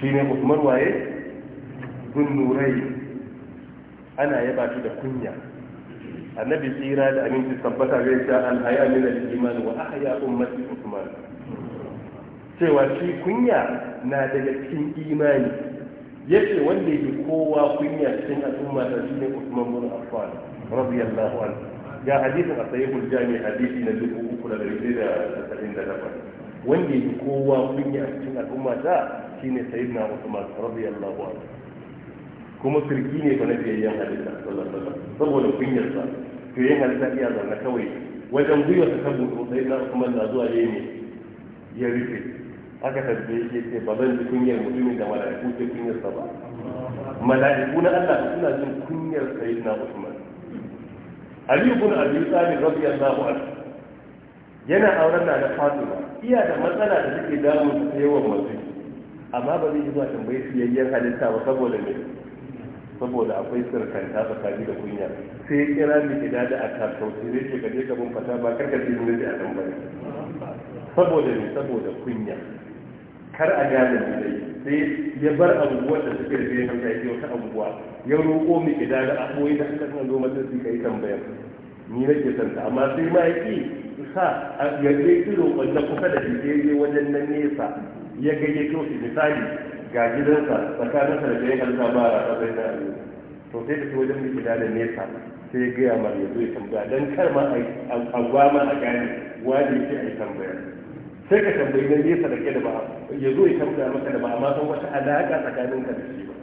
shine usman waye bin nurai ana yaba shi da kunya annabi tsira da aminci tabbata zai sha alhaya min al-iman wa ahya ummati usman cewa shi kunya na daga cikin imani yace wanda yake kowa kunya cikin al'umma da shine usman bin affan radiyallahu anhu ga hadisin a sahihul jami hadisi na dubu uku da dari da tasa'in da dafa wanda yake kowa kunya a cikin al'umma da shine sayyidina Usman radiyallahu anhu kuma sirki ne ba na biyayyen halitta sallallahu alaihi wasallam saboda kunyarsa to yin halitta iya zanna kawai wajen gwiwa ta tabbata sayyidina Usman na zuwa yayi ne ya rufe aka tabbe yake ce ba zan ji kunyar mutumin da mala'iku ke kunyarsa ba mala'iku na Allah suna jin kunyar sayyidina Usman Ali ibn Abi Talib radiyallahu anhu yana auren na da Fatima iya da matsala da take damun ta yawan masu amma ba zai zuwa tambayi siyayyen halitta ba saboda me saboda akwai sirkanta tsakani da kunya sai kira ni gida da a tattauci ne ce ka je ka bin fata ba karkace ne a tambayi saboda me saboda kunya kar a gane dai sai ya bar abubuwan da suke rufe kan kai wata abubuwa ya roƙo mi idan da aboyi da aka san zo mata su kai tambayar ni nake santa amma sai ma yake sa a yaje ki roƙon da kuka da je wajen nan nesa ya ya to misali ga gidansa tsakanin sa da ya halta ba a kasar da to sai da su wajen mi gida da nesa sai ya gaya ma ya zo ya tambaya don kar ma a gwama a gane wani ke a yi tambaya sai ka tambayi na nesa da ke da ba ya zo ya tambaya maka da ba amma san wata alaƙa tsakanin ka da shi ba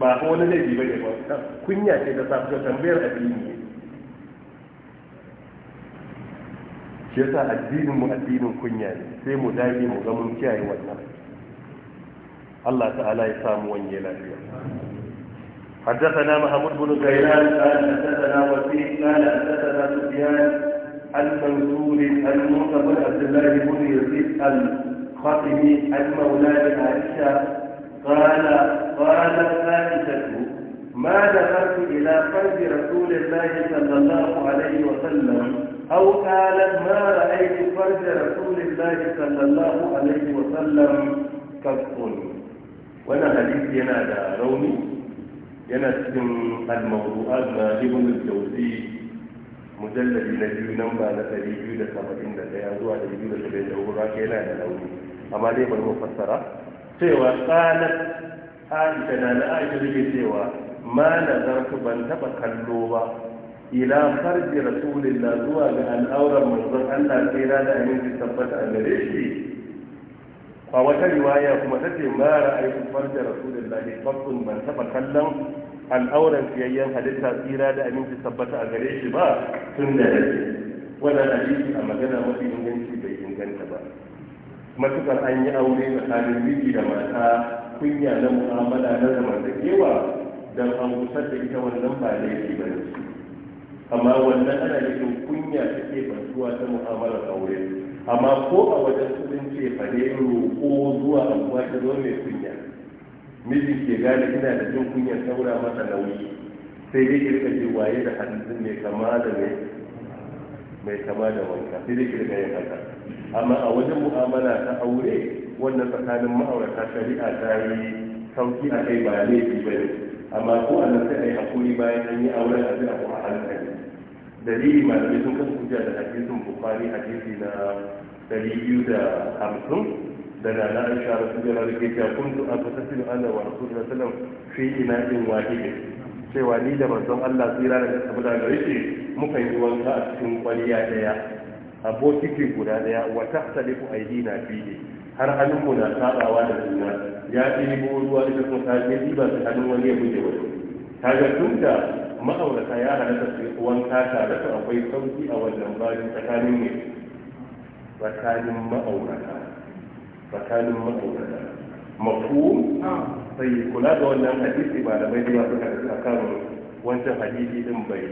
ba ko wani laifi ba ne ba kunya ce da sa tambayar addini ne shi yasa addinin mu addinin kunya ne sai mu dage mu ga mun kiyaye wannan Allah ta'ala ya samu wanye lafiya حدثنا محمود بن غيلان قال حدثنا وسيم قال حدثنا سفيان المنصور المنصور عبد الله بن يزيد الخطيب عن مولاي عائشة قال قالت عائشة ما دخلت إلى قلب رسول الله صلى الله عليه وسلم أو قالت ما رأيت فرج رسول الله صلى الله عليه وسلم كف وانا حديث ينادى رومي ينادى الموضوعات ما ابن الجوزي Mujallabi na biyu nan ba na ɗari biyu da saba'in da ɗaya zuwa ɗari biyu da saba'in da wuri ke yana da launi. amma dai bari mu fassara cewa tsanar aisha na na aisha rike cewa ma na nazartu ban taɓa kallo ba ila farji rasulillah zuwa ga al'auran manzon Allah na da aminci tabbata a gare shi a wata riwaya kuma ta ce ma ra'ayi farji rasulillah ne ban taɓa kallon al'auran siyayyen halitta tsira da aminci tabbata a gare shi ba tun da rage wannan hadisi a magana mafi inganci bai inganta ba matukar an yi aure tsakanin miji da mata kunya na mu'amala na zamantakewa don an kusar da ita wannan ba yake ba ne amma wannan ana nufin kunya take bantuwa ta mu'amalar aure amma ko a wajen kudin ce fa ne roƙo zuwa abuwa ta zo mai kunya mijin ke gane ina da jin kunyar saura masa nauyi sai dai kirka ji waye da hadisin mai kama da mai mai kama da wanka sai dai kirka yin haka amma a wajen mu'amala ta aure wannan tsakanin ma'aurata shari'a ta yi sauki a kai ba laifi ba ne amma ko a nan sai a yi hakuri bayan an yi auren a zai abu a hankali dalili malamai sun kan hujja da hadisin bukari hadisi na dari biyu da hamsin daga na aisha rasulullahi da ke kun su a tattasilu ana wa rasulullahi sallam fi ina in wahide cewa ni da manzon Allah tsira da bada da shi? muka yi wanka a cikin kwaliya daya a bokiti guda daya wa tahtalifu aidina fihi har hannunmu na sabawa da juna ya ɗibo ruwa da kuma ta je su hannun wani ya buge wani ga tun da ma'aurata ya halatta su wanka tare su akwai sauki a wannan bayan tsakanin ne tsakanin ma'aurata tsakanin ma'aikata mafu sai kula da wannan hadisi ba da bai suka da akan wancan hadisi din bai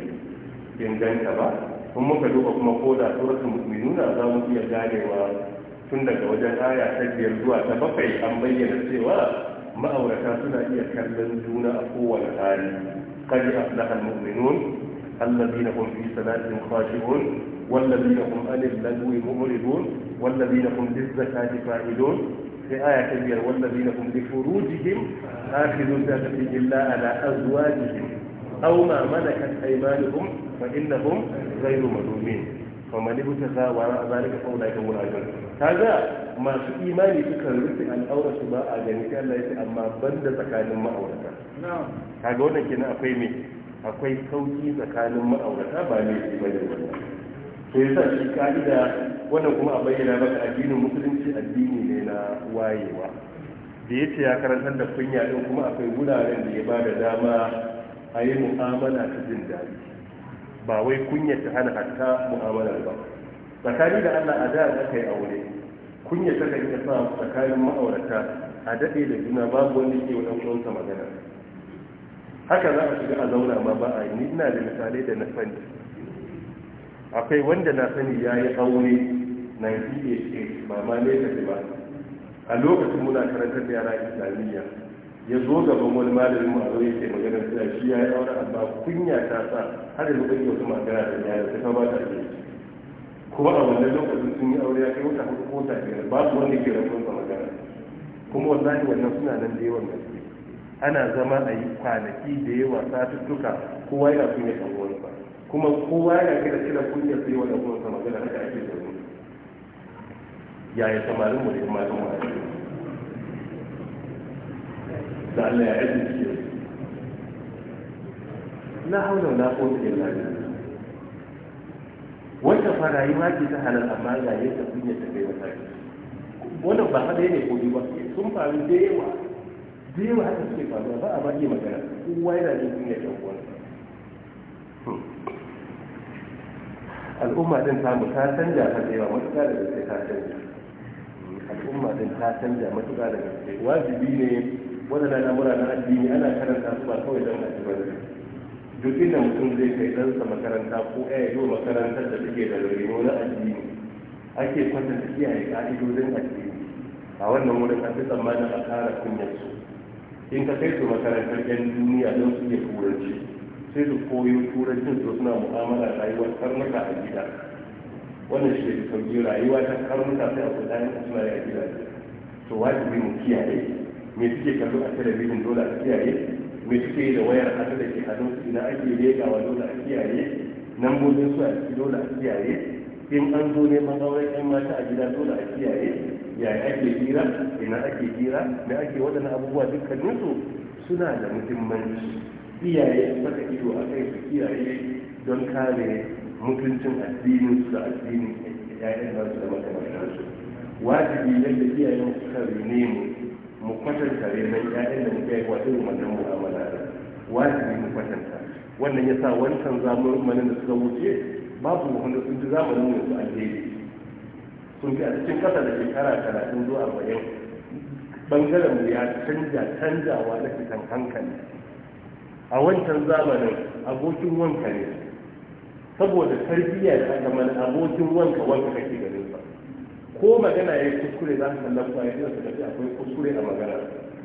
inganta ba kun muka duba kuma ko da suratul mu'minuna za mu iya ganewa tun daga wajen aya ta biyar zuwa ta bakwai an bayyana cewa ma'aurata suna iya kallon juna a kowane hali qad aflaha al-mu'minun الذين هم في صلاتهم خاشعون والذين هم عن اللغو معرضون والذين هم بالزكاة فاعلون في آية كبيرة والذين هم لفروجهم آخذون ذلك إلا على أزواجهم أو ما ملكت أيمانهم فإنهم غير ملومين فمن ابتغى وراء ذلك فأولئك هم العادون هذا ما في إيماني فكر رفع الأورة ما أجاني كان ليس أما بند تكالم ما أورتا نعم هذا هنا كنا أقيمي akwai sauki tsakanin ma'aurata ba ne su bane wannan to yasa shi ka'ida wannan kuma a bayyana maka addinin musulunci addini ne na wayewa da ya ce ya karantar da kunya din kuma akwai wuraren da ya ba da dama a yi mu'amala ta jin daɗi ba wai kunya ta hana hatta mu'amalar ba tsakani da allah a da aka yi aure kunya ta kan sa tsakanin ma'aurata a daɗe da juna babu wanda ke wa sa magana haka za a shiga a zauna ma ba a yi ina da misalai da na sani akwai wanda na sani ya yi aure 1988 ba ne ta ba a lokacin muna karantar da yara islamiyya ya zo gaban wani malamin mu a zo yake magana da shi ya yi aure amma kunya ta sa har yanzu kake wata magana da yara ta kama ta ke kuma a wannan lokacin sun yi aure ya kai wata hudu ko ta biyar ba su wanda ke rafin sa magana kuma wallahi wannan suna nan da yawan gaske ana zama a yi kwanaki da yawa satuttuka kowa yana kunya kan wani ba kuma kowa yana kira kira kunya sai wa da kuma magana haka ake zaune yaya samarin mu da malin mu da Allah ya aiki ce na haula na kota da lafiya wanda yi ma ke ta halal amma ga yadda yi ta kai wata wannan ba haɗe ne ko ba sun faru da yawa da yawa haka suke faruwa ba a ba iya magana kowa yana da kunya ta uwansa al'umma din ta mu ta canja ta da yawa matuƙa da ta canja al'umma din ta canja matuƙa da gaske wajibi ne wannan al'amura na addini ana karanta su ba kawai don addini ba duk inda mutum zai kai ɗansa makaranta ko ya yi makarantar da take da rino na addini ake kwatanta kiyaye ka'idodin addini a wannan wurin an fi tsammanin a ƙara kara su. in ka kai su makarantar 'yan duniya don su iya turanci sai su koyo turancin su suna mu'amala rayuwar karnuka a gida wannan shi da biyu rayuwa ta karnuka sai a kudani a suna ya gida to wajibi mu kiyaye me suke kallo a talabijin dole a kiyaye me suke da wayar hannu da ke hannu su idan ake wa dole a kiyaye Nan gobe su a ciki dole a kiyaye in an zo neman aure yan mata a gida dole a kiyaye ya ake hira ina ake hira Me ake waɗannan abubuwa su, suna da muhimmanci iyaye su saka ido a kai su kiyaye don kare mutuncin addinin su da addinin ƴaƴan su da su, wajibi yadda iyayen suka ne mu mu kwatanta renon 'ya'yan da muke yi wato wannan mu'amala da wajibi mu kwatanta wannan ya sa wancan zamanin da suka wuce babu wanda sun ji zamanin ne su alheri sun fi a cikin kasa da shekara talatin zuwa arba'in bangaren mu ya canja canjawa na fitan hankali a wancan zamanin abokin wanka ne saboda tarbiyya da aka mana abokin wanka wanka kake da sa ko magana ya yi kuskure za ka kalla kuma ya zai tafi akwai kuskure a magana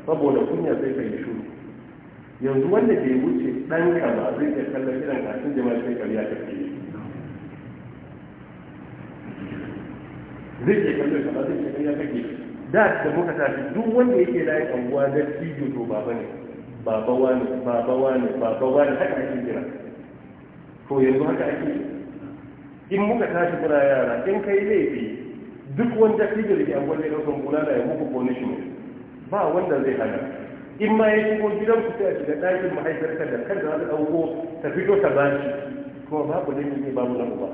saboda kunya zai kai shuru yanzu wanda bai wuce ka ba zai iya kallon irin kafin jama'a sai kariya kake shi. zai iya kallon ka ba zai iya kariya kake shi. da da muka tafi duk wanda yake da yakan uwa da tijo to baba ne baba wani baba wani baba wani haka ake jira to yanzu haka ake in muka tashi muna yara in kai laifi duk wanda fiye da ke abuwan da kula da ya muku ne, ba wanda zai hana in ma ya shigo gidan ku sai a shiga ɗakin ka da kan da za ta ɗauko ta fito ta shi kuma babu laifin ne babu na ba,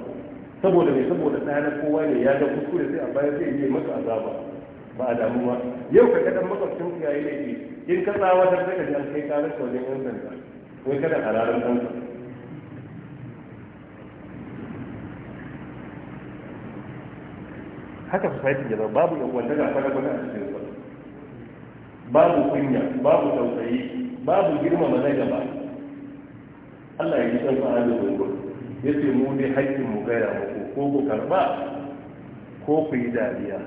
saboda mai saboda ɗana kowa ne ya ga kuskure sai a baya zai yi masa azaba ba a damuwa yau ka kaɗan makwabcin ku yayi laifi in ka tsawatar sai ka ji an kai ƙarar wajen yan sanda wai kada hararan sanda haka society ya zama babu yan wanda ga fara gwani a cikin sa babu kunya babu tausayi babu girmama na gaba Allah ya yi san fa'a da gungun yace mu dai haƙƙin mu gaya muku ko ku karba ko ku yi dariya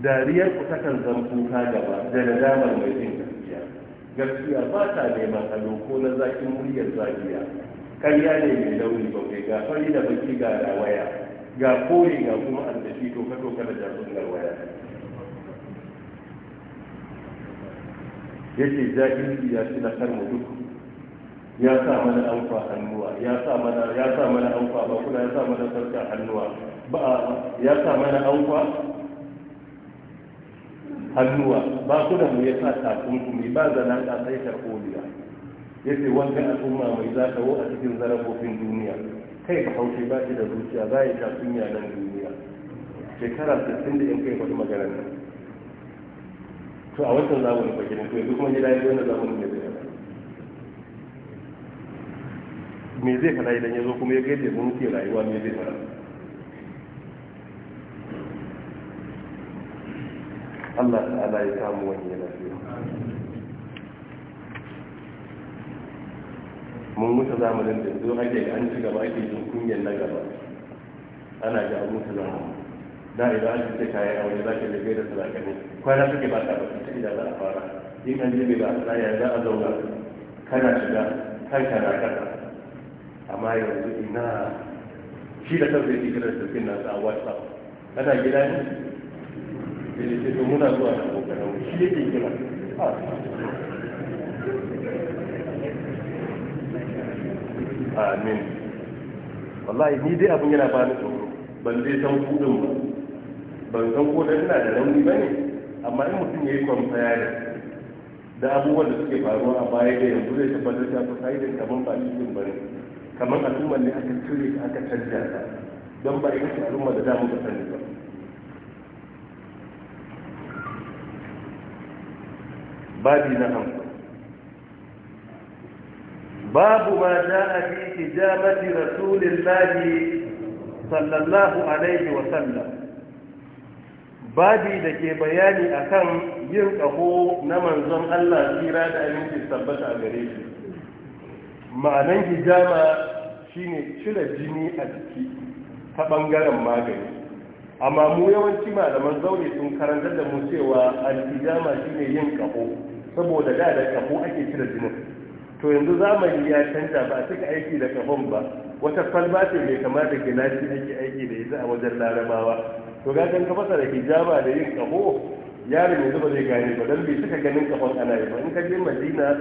dariyar ku takan zan kuka gaba da nadamar mai jin gaskiya gaskiya ba ta neman alo ko na zakin muryar zakiya Karya ne mai launi ba kai ga fari da baki ga rawaya ga kore ga kuma albashi tafi toka-toka da jasun garwaya yake jahilci ya ci da karmu duk ya sa mana amfa hannuwa ya sa mana ya sa mana amfa ba kuna ya sa mana sarka hannuwa ba ya sa mana amfa hannuwa ba kuna mu ya sa kuma ba zana ta sai karɓo ya ce wanda al'umma mai za ta wo a cikin zarafofin duniya kai ka haushi ba shi da zuciya za ya sha sunya nan duniya shekara 60 da yin kai wata magana ne. to a wancan zamanin ba gidan to yanzu kuma gida ya zo na zamanin da zai me zai fara idan ya zo kuma ya ga yadda mun ke rayuwa me zai fara? Allah ta'ala ya samu wani lafiya mun mutu zamanin da zo ake an ci gaba ake jin kungiyar na gaba ana ga mutu zamanin da idan an ce kayan a wani ka da gaida sarakani kwana suke ba ta basu ta idan za a fara in an jibe ba a tsaya za a zauna kana shiga kan na kasa amma yanzu ina shi da kansa yake kira sarkin nasa a whatsapp kana gida ne da eh, ke muna zuwa da abokanan shi yake gina amin wallahi ni dai abin yana ba ni tsoro ban dai san kudin ba ban san ko da ina da rauni ba ne amma in mutum ya yi kwamfaya da da abubuwan da suke faruwa a baya da yanzu zai tabbatar da ku sai da kaman ba din bane kaman al'ummar ne aka cire ta aka canja ta don ba ita ce al'ummar da damu ba sani ba babi na hamsin Babu ما جاء في تجابة رسول الله صلى الله عليه وسلم babi da ke bayani akan yin ƙaho na manzon Allah tsira da aminci tabbata a gare shi ma'anan hijama shine cire jini a jiki ta ɓangaren magani amma mu yawanci malaman zaure sun karantar da mu cewa alhijama shine yin ƙaho saboda da da ƙaho ake cire jinin to yanzu zamani ya canza ba a cika aiki da kafan ba wata kwalba ce mai kama da gilashi ake aiki da yanzu a wajen larabawa to gajen ka fasa da hijaba da yin kaho yari yanzu ba zai gane ba don bai cika ganin kafan ana yi ba in ka je madina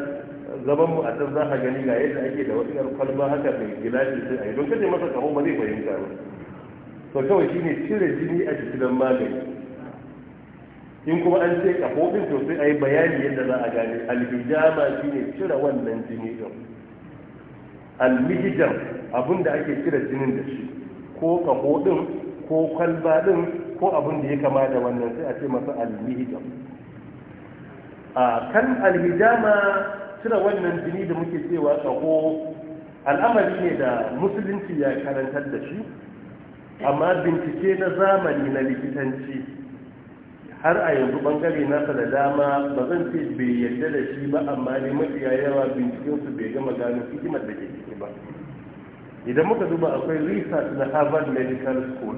zaman mu a can za ka gani ga yadda ake da wata yar kwalba haka mai gilashi sai a yi don je masa kaho ba zai fahimta ba to kawai shine cire jini a jikin magani in kuma an ce kafofin to sai a yi bayani yadda za a gane alhijama shine cire wannan jini din almihijam abin da ake cire jinin da shi ko kafo ko kwalba din ko abin da ya kama da wannan sai a ce masa almihijam a kan alhijama cire wannan jini da muke cewa kafo al'amari ne da musulunci ya karantar da shi amma bincike na zamani na likitanci har a yanzu bangare nasa da dama ba zan ce bai yarda da shi ba amma ne mafi yawa bincikinsu bai gama gano hikimar da ke ciki ba idan muka duba akwai research na harvard medical school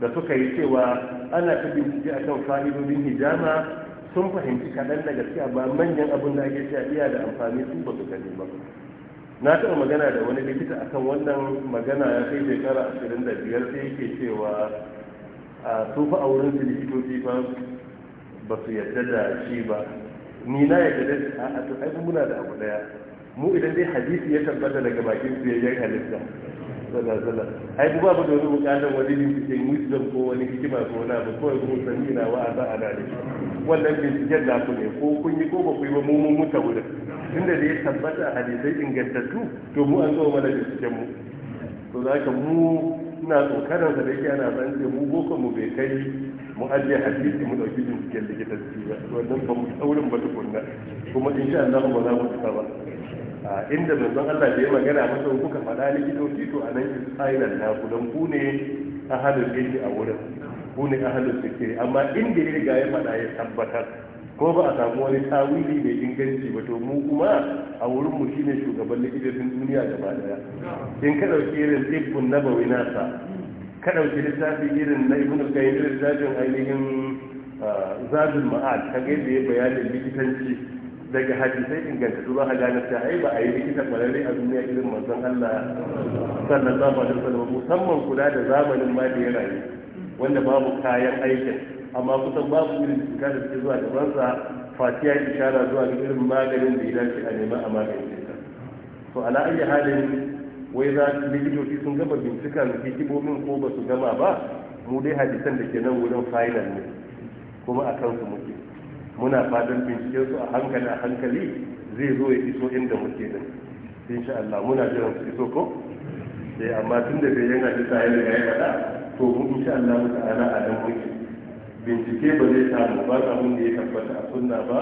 da suka yi cewa ana ta bincike akan fa'idodin hijama sun fahimci kaɗan da gaskiya ba manyan abin da ake cewa iya da amfani su ba su gani ba na taɓa magana da wani likita akan wannan magana ya kai shekara ashirin da biyar sai yake cewa tufa a wurin su fa ba su yadda da shi ba ni na yadda da a to ai muna da abu daya mu idan dai hadisi ya tabbata daga bakin su ya yi halitta sallallahu ai ku ba mu da wani bukatar wani cikin wisdom ko wani hikima ko wani abu kawai kuma sami na wa za a dade wannan binciken da ku ne ko kun yi ko ba ku yi ba mu mun muta wurin inda da ya tabbata hadisai ingantattu to mu an zo mana binciken mu to za ka mu suna tsokanar da yake ana san ce mu boko mu bai kai mu ajiye hadisi mu dauki binciken likitanci ba wannan ba mu saurin ba tukunna kuma sha Allah ba za mu tsaka ba inda manzon Allah da ya magana masa kuka faɗa likitoci to a nan isailan na ku don ku ne ahadul ilmi a wurin ku ne ahadul fikri amma inda ya riga ya faɗa ya tabbatar ko ba a samu wani tawili mai inganci ba to mu kuma a wurin mu shine shugaban likitocin duniya gaba daya in ka dauki irin tibbun nabawi nasa ka dauki littafi irin na ibn al-qayyim littafin ainihin ah, zadul ma'al ka ga yadda ya bayanin likitanci daga hadisai su ba a gane ta ai ba a yi likita kwararre a duniya irin manzon Allah sallallahu alaihi wasallam musamman kula da zamanin ma da ya rayu wanda babu kayan aikin amma kusan babu irin cuta da suke zuwa gabansa fatiya ishara zuwa ga irin maganin da ya dace a nema a maganin da to ala ayyi halin wai za likitoci sun gama bincikan hikimomin ko ba su gama ba mu dai hadisan da ke nan wurin final ne kuma a kansu muke muna fatan binciken su a hankali a hankali zai zo ya iso inda muke din insha Allah muna jiran su iso ko eh amma tun da bai yana da tsayin da ya faɗa to mu insha Allah mu ta'ala a dan muke bincike ba zai samu ba abin da ya tabbata a sunna ba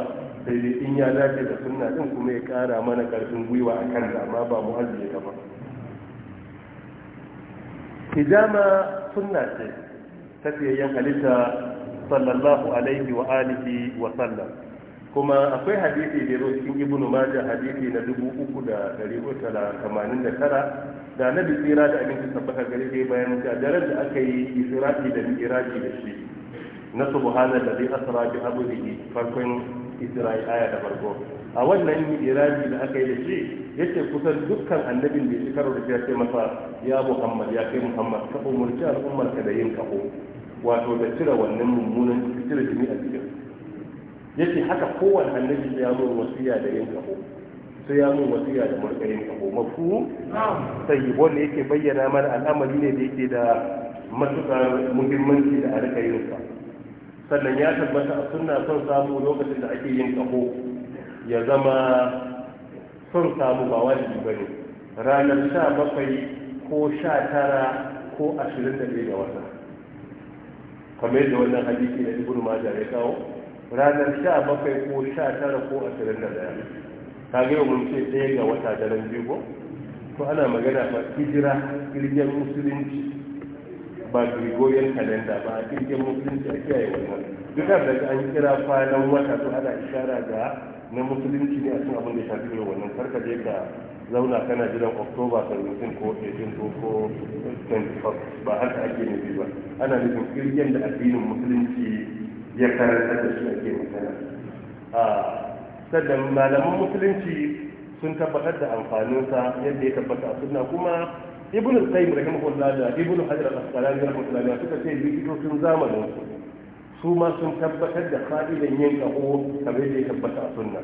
sai dai in ya dace da sunna din kuma ya kara mana karfin gwiwa a kan amma ba mu hajji ya gaba hijama sunna ce ta fiyayyen halitta sallallahu alaihi wa alihi wa sallam kuma akwai hadisi da yazo cikin ibnu majah hadisi na 3389 da na tsira da abinci tabbata gari shi bayan da daren da aka yi isra'i da mi'raji da shi na subhana da zai asara bi abudihi farkon isra'i aya da farko a wannan irabi da aka yi da shi yace kusan dukkan annabin da ya shikaro da ya ce masa ya muhammad ya kai muhammad ka umurci al'ummar ka da yin kaho wato da cire wannan mummunan cire jini a cikin yace haka kowane annabi ya zo wasiya da yin kaho sai ya mun wasiya da yin kaho mafu sai wanda yake bayyana mana al'amari ne da yake da matuƙar muhimmanci da a rika yin sa sannan ya tabbata a suna son samu lokacin da ake yin kaho ya zama son samu ba wajibi ba ne ranar sha bakwai ko sha tara ko ashirin da ɗaya ga wata kamar da wannan hadisi na ibn maja ya kawo ranar sha bakwai ko sha tara ko ashirin da ɗaya ta gaba mun ce ɗaya ga wata daren biyu ko to ana magana ba hijira kirgin musulunci ba gregorian calendar ba a cikin musulunci a yi wannan duk da an kira kwanan wata su ana ishara ga na musulunci ne a cikin abin da ya shafi ne wannan karka je ka zauna kana jiran oktoba 17 ko 18 ko 21 ba haka ake nufi ba ana nufin kirgin da addinin musulunci ya karanta da shi ake magana sannan malaman musulunci sun tabbatar da amfaninsa yadda ya tabbata a sunna kuma ابن القيم رحمه الله ابن حجر الاسلام رحمه الله فتسير بيكتو في زامنه ثم سنثبت دخائل ينك هو كبير يثبت أسنة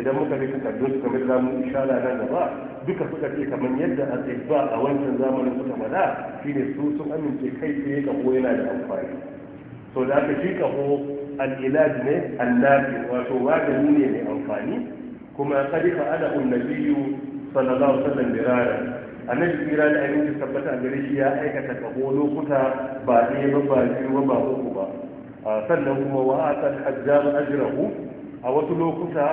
إذا ما كان يكون كدوس كبير لا من إشارة لا نرى بك فتك إيه كمن يدى الإجباء أو أنت زامن المتملا في نسوس أمن في كيف يك هو إلى الأنفاق سوداك فيك هو العلاج من النافع وشواك من الأنفاق كما قد فعله النبي صلى الله عليه وسلم مرارا annabi tsira da ainihin tabbata gare shi ya aikata kaho lokuta ba ɗaya ba ba biyu ba uku ba sannan kuma wa a san hajjar ajirahu a wasu lokuta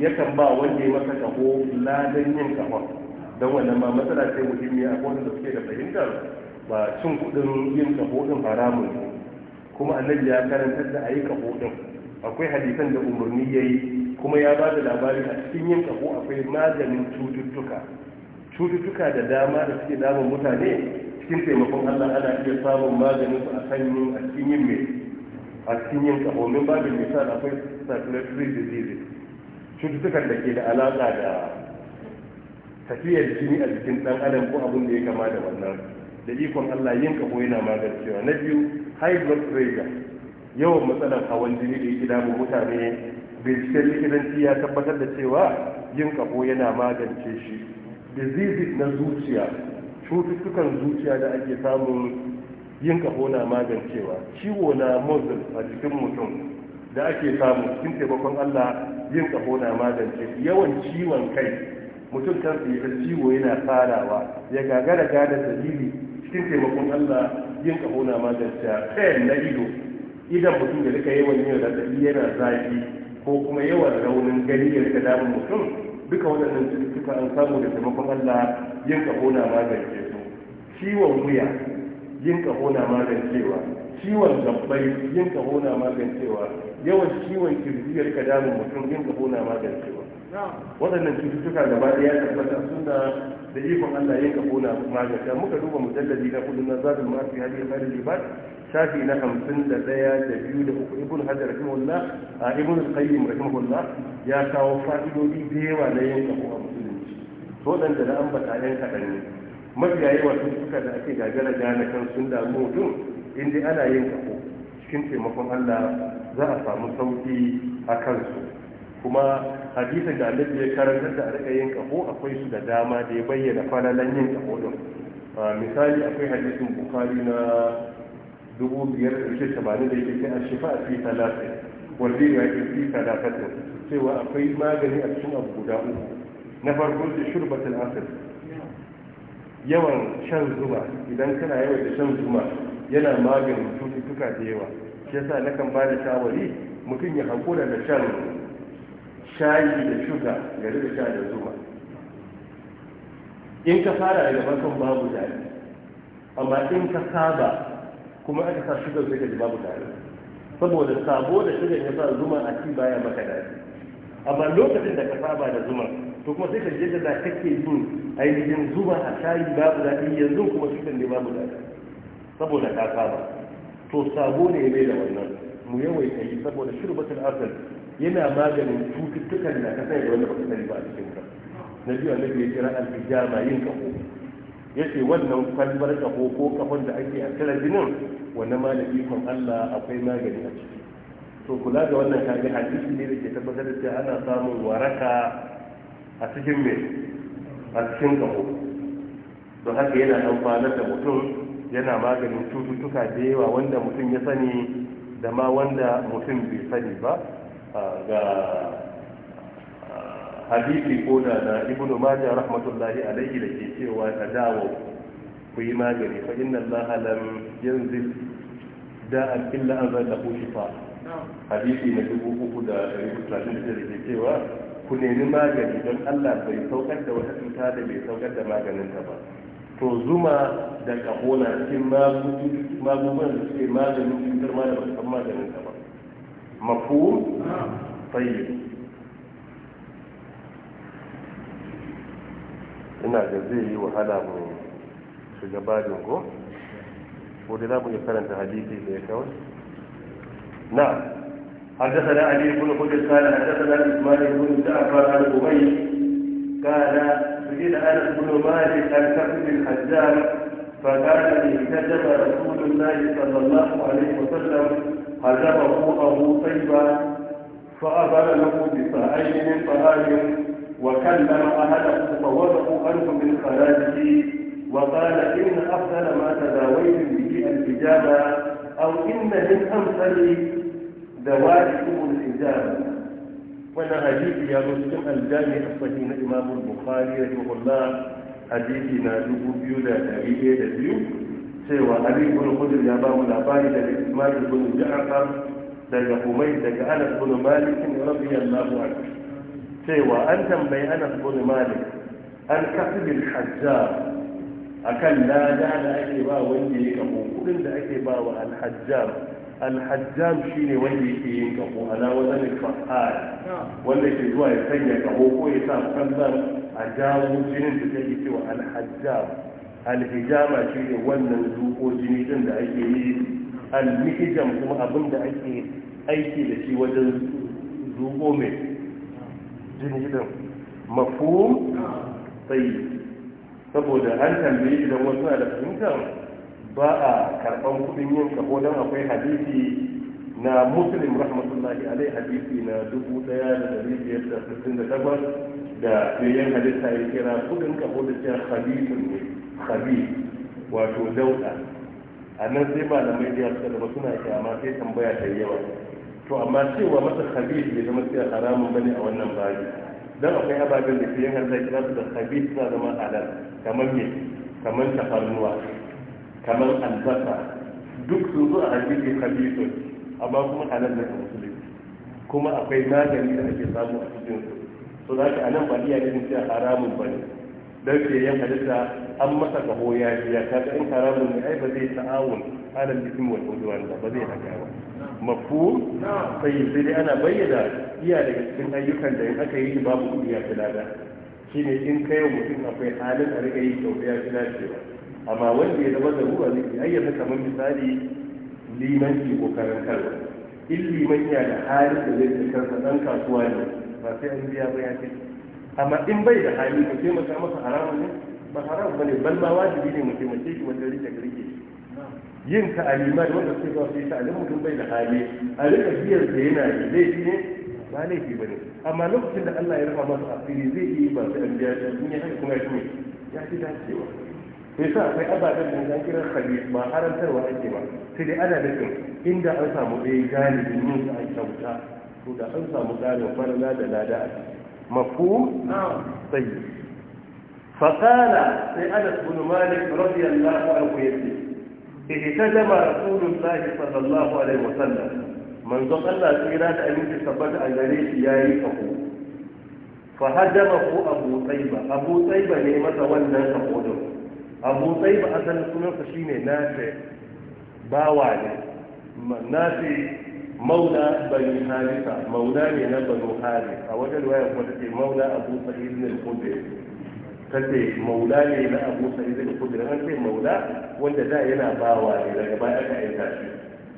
yakan ba wanda ya wata kaho ladan yin kafa don wannan ma matsala ce muhimmi a da suke da fahimtar ba cin kuɗin yin kaho ɗin haramun kuma annabi ya karantar da a yi kaho ɗin akwai hadisan da umarni ya yi kuma ya ba da labari a cikin yin kaho akwai maganin cututtuka cututtuka da dama da suke damun mutane cikin taimakon Allah ana iya samun maganin su a sanyin a cikin yin mai a cikin yin kahomin babin misal akwai circulatory diseases cututtukan da ke da alaƙa da tafiyar jini a jikin ɗan adam ko abin da ya kama da wannan da ikon Allah yin kaho yana magancewa na biyu high blood pressure yawan matsalar hawan jini da yake damun mutane binciken likitanci ya tabbatar da cewa yin kaho yana magance shi disease na zuciya cututtukan zuciya da ake samun yin kaho na magancewa ciwo na muscle a cikin mutum da ake samu cikin taimakon Allah yin kaho na magance yawan ciwon kai mutum kan tsaye ciwo yana farawa ya gagara gada dalili cikin taimakon Allah yin kaho na magance kayan na ido idan mutum da rika yawan yin radadi yana zafi ko kuma yawan raunin gani ya rika damun mutum duka waɗannan cututtuka an samu da taimakon Allah yin kaho na magance su ciwon wuya yin kaho na magancewa ciwon gabbai yin kaho na magancewa yawan ciwon kirjiyar ka mutum yin kaho na magancewa waɗannan cututtuka gaba da ya tabbata suna da ikon Allah ya kafo na magata muka duba mujalladi na kudin na zabin masu hali a fari libat shafi na hamsin da ɗaya da biyu da uku ibn hajar rahimahullah a ibn al-qayyim rahimahullah ya kawo fa'idodi da yawa na yin kafo a musulunci waɗanda na ambata yan kaɗan ne mafiya yawa cututtuka da ake gagara gane kan sun damu mutum in dai ana yin kafo cikin taimakon Allah za a samu sauki a kansu kuma hadisin da annabi ya karantar da arka yin kafo akwai su da dama da ya bayyana falalan yin kafo din misali akwai hadisin bukari na 2580 da yake kai a shifa a fi talatin wanda ya ke fi talatin cewa akwai magani a cikin abu guda uku na farko da shurbatul asir yawan shan zuma idan kana yawan da shan zuma yana maganin cututtuka da yawa shi yasa nakan ba da shawari mutum ya hakura da shan shayi da shuga gari da sha da zuma in ka fara daga farkon babu dare amma in ka saba kuma aka sa shugar sai ka ji babu dare saboda sabo da shugar ya sa zuma a ci baya maka dare amma lokacin da ka saba da zuma to kuma sai ka je da kake yin ainihin zuma a shayi babu dare yanzu kuma shugar ne babu dare saboda ka saba to sabo ne mai da wannan mu yawaita yi saboda shirbatul asal yana maganin cututtukan da ka sai da wanda bakin sani ba a cikin ka na biyu annabi ya kira al-hijama yin Ya ce wannan kwalbar kafo ko kafan da ake a kira jinin wannan ma da ikon Allah akwai magani a ciki to kula da wannan kaga hadisi ne da ke tabbatar da cewa ana samun waraka a cikin me a cikin kafo don haka yana amfanar da mutum yana maganin cututtuka da yawa wanda mutum ya sani da ma wanda mutum bai sani ba ga hadisi ko da na ibn majah rahmatullahi alaihi da ke cewa ta dawo ku yi magani fa inna allah lam yanzil da'an illa an ku shifa hadisi na dubu uku da ɗari talatin da ke cewa ku nemi magani don allah bai saukar da wata cuta da bai saukar da maganin ta ba to zuma da kabona cikin magungunan da suke maganin cutar ma da ba maganin ta ba مفهوم طيب ina da zai yi wahala mu shiga bajin ko ko da za mu karanta hadisi da ya kawai na حدثنا علي بن حجر قال حدثنا اسماعيل بن جعفر عن ابي قال سئل انس بن مالك عن كفر الحجاج فكان كتب رسول الله صلى الله عليه وسلم هزمه أبو طيبة فأبر له بساعين من طهار وكلم أهله فوضعوا أنتم من خلاله وقال إن أفضل ما تداويت به الحجاب أو إن من أمثل دوائكم الحجاب وانا يا مسلم الجامع الصحيح الإمام البخاري رحمه الله hadisi na dubu biyu da dari da biyu cewa ali ibn ya ba mu labari daga ismail ibn ja'far daga humay daga anas ibn malik radiyallahu anhu cewa an tambayi anas ibn malik an kasbil hajjar akan lada da ake ba wanda ya kabo kudin da ake ba wa al-hajjar alhajjam shi ne wanda yake yin kaho ala ne fa'al wanda ke zuwa ya sanya kaho ko ya sa kallon a jawo jinin da take cewa alhajjam alhijama shi ne wannan zuko jini din da ake yi almihijam kuma abin da ake aiki da shi wajen zuko mai jini din mafu sai saboda an tambaye idan wasu na da fahimtar ba a karɓan kuɗin yin kafo don akwai hadisi na muslim rahmatullahi alai hadisi na dubu ɗaya da dari biyar da sittin da takwas da yayin hadisa ya kira kuɗin kafo da cewa hadisun ne khabi wato dauɗa a nan sai malamai da suka da suna amma sai tambaya ta yawa to amma cewa masa khabis bai zama sai haramun bane a wannan babi dan akwai ababen da ke yin hanzar kira su da khabis suna zama halal kamar ne kamar tafarnuwa kamar albasa duk su zuwa hadisi khabithun amma kuma a nan a musulunci kuma akwai magani da ake samu a cikin su so za a nan ba iya ganin cewa haramun bane don ke yan halitta an masa kaho ya ya kaga in haramun ne ai ba zai ta'awun jikin ismi wal ne ba zai haka ba mafu sai sai dai ana bayyana iya daga cikin ayyukan da in aka yi babu kuɗi ya fi lada shine in kai mutum akwai halin a rika yi kyauta ya fi dacewa amma wanda ya zama da ruwa ne yi yanzu kamar misali limanci kokarin karwa in liman ya da hali da zai ci karsa dan kasuwa ne ba sai an biya ba ya ce amma in bai da hali ka taimaka masa haramun ne ba haram ba ne ban ma wajibi ne mu taimake shi wajen rike rike yin ta da wanda suke zuwa su yi ta'alim mutum bai da hali a rika biyar da yana yi laifi ne ba laifi ba ne amma lokacin da Allah ya rufa masa asiri zai yi ba sai an biya shi in ya haka kuma ya ya fi dacewa ya sa akwai ababen da na kiran khalis ba harantarwa ake ba sai dai ana nufin inda an samu ɗaya galibin yin sa an kyauta to da an samu galibin farla da lada a mafhum tayyib Fasala. sai ana bin malik radiyallahu anhu yace اهتدم رسول الله صلى sallallahu alaihi وسلم من Manzon Allah tsira da aminci tabbata a gare shi ya yi fa hadama ko abu tsaiba abu tsaiba ne masa wannan kaho din abu tsayi ba asalin sunansa shine nafi bawa ne nafi mauna bani harisa Mauna ne na banu hari a wajen waya kuma ce Mauna abu tsayi ne Ta ce Mauna ne na abu tsayi ne kudin an ce Mauna? wanda da yana bawa ne daga baya aka yi tashi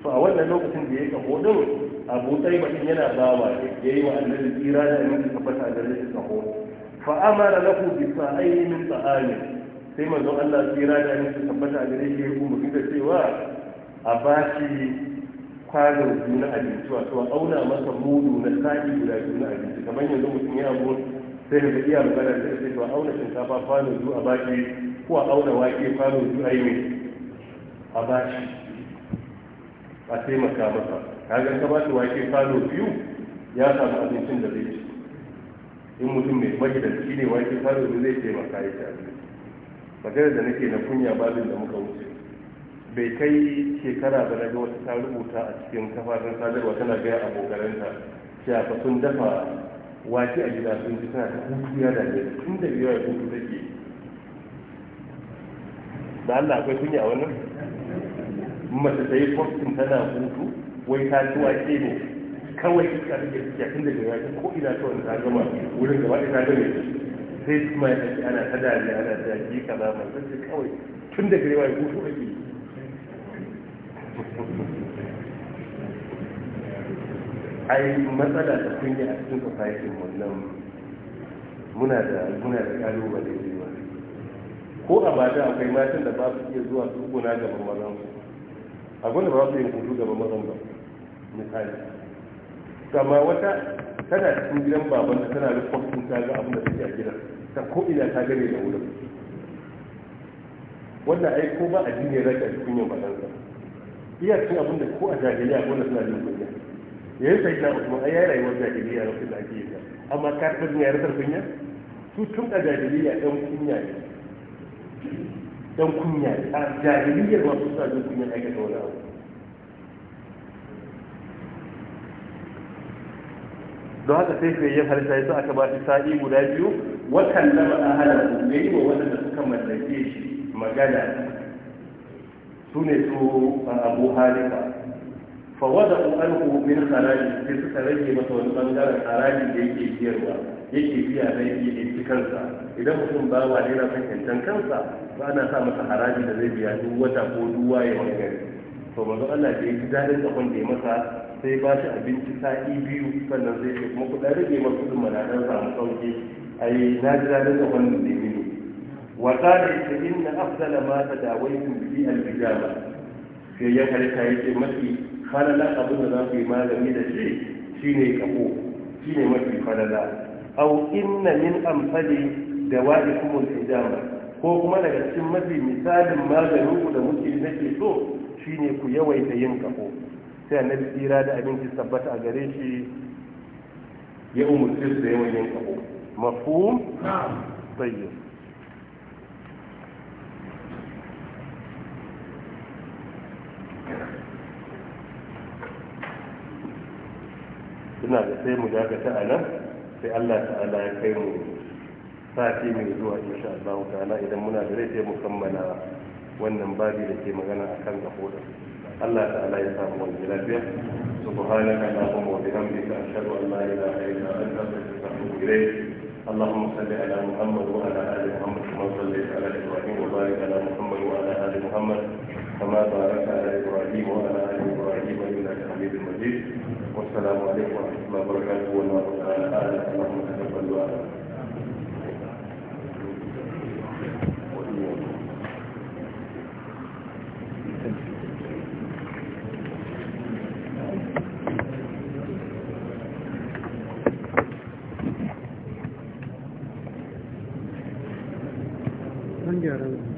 to a wannan lokacin da ya kaho din abu tsayi ba yana bawa ne yi wa annabi tsira da annabi tabbata da rikin kaho fa lahu bi sa'ayn min ta'amin sai manzo Allah tsira da ne su tabbata a gare shi ya bi da cewa a ba shi biyu na abinci wato a auna masa mudu na sa'i guda biyu na abinci kamar yanzu mutum ya abu sai da iya magana da sai to a auna shinkafa kwano biyu a baki ko a auna wake kwano biyu a yi mai a bashi a taimaka masa kaga ka ba shi wake kwano biyu ya samu abincin da zai ci in mutum mai magidanci ne wake kwano biyu zai taimaka ya ci abinci magana da nake na kunya babin da muka wuce bai kai shekara ba na ga wata ta rubuta a cikin kafafen sadarwa tana gaya abokananta cewa fa sun dafa wake a gida sun ji tana ta kukiya da ne tun da biyar sun kuku take da Allah akwai kunya a wannan mace ta yi postin tana hutu wai ta ci wake ne kawai ta take tafiya tun da biyar ko ina ta wani ta gama wurin gaba ɗaya ta gama sai kuma ya ɗauki ana ta dariya ana ta yi kaza mai zai kawai tun da gare wai hutu ake ai matsala da yi a cikin society wannan muna da muna da kalubale da yawa ko a da akwai matan da ba su iya zuwa su gona gaban mazan su a gwanda ba su yin hutu gaban mazan ba misali kama wata tana cikin gidan baban da tana rufin kwamfin ta ga abin da take a gidan ta ko ina ta gare da wurin wannan ai ko ba a addini ya ka cikin yin balansa iya cikin abin da ko a jahiliya ko na suna jin kunya ya yi sai na usman ai yayi rayuwar jahiliya na kusa ake yi amma ka taɓa jin yare kunya su tun a jahiliya ɗan kunya ne ɗan kunya ne a jahiliyar masu suna jin kunya aikata wani abu don haka sai fiye yin halitta yasa aka ba shi sa'i guda biyu da lama a halar ya yi wa wadanda suka mallake shi magana su ne su abu halifa fawada ƙoƙarku min haraji sai suka rage masa wani bangaren haraji da yake biyarwa yake biya da yake kansa idan mutum ba wa naira kan kansa ba ana sa masa haraji da zai biya duk wata ko duwa ya wani gari to manzo Allah da yi ji dadin tsakon da ya masa sai ba shi abinci sa'i biyu sannan sai ce kuma kuɗa rage masa kudin sa samu sauke ai na ji dadin tsakon da ya mini wa qala inna afdala ma tadawaitu bi al-bijama sai ya karka yake mafi falala abin da za ku yi magani da shi shine kafo shine mafi falala au inna min amfali dawaikum al-hijama ko kuma daga cikin mafi misalin maganin ku da muke nake so shine ku yawaita yin kafo sai annabi tsira da abinci tabbata a gare shi ya umurce su da yawan yin kafo mafhum tayyib suna da sai mu dakata a nan sai Allah ta'ala ya kai mu sati mai zuwa insha Allah ta'ala idan muna da rai sai mu kammala wannan babi da ke magana a kan gafoda Allah ta'ala ya samu wani lafiya su ku hana ka na kuma wani rambi ka ashadu Allah ya da ayi na an Allahumma salli ala Muhammad wa ali Muhammad kuma ala Ibrahim wa ala Muhammad wa ali Muhammad kama baraka ala Ibrahim wa ala ali Ibrahim wa ila Hamid Majid wa salamu alaikum wa rahmatullahi wa barakatuh wa ala ali Muhammad wa ala ali Muhammad 点的人。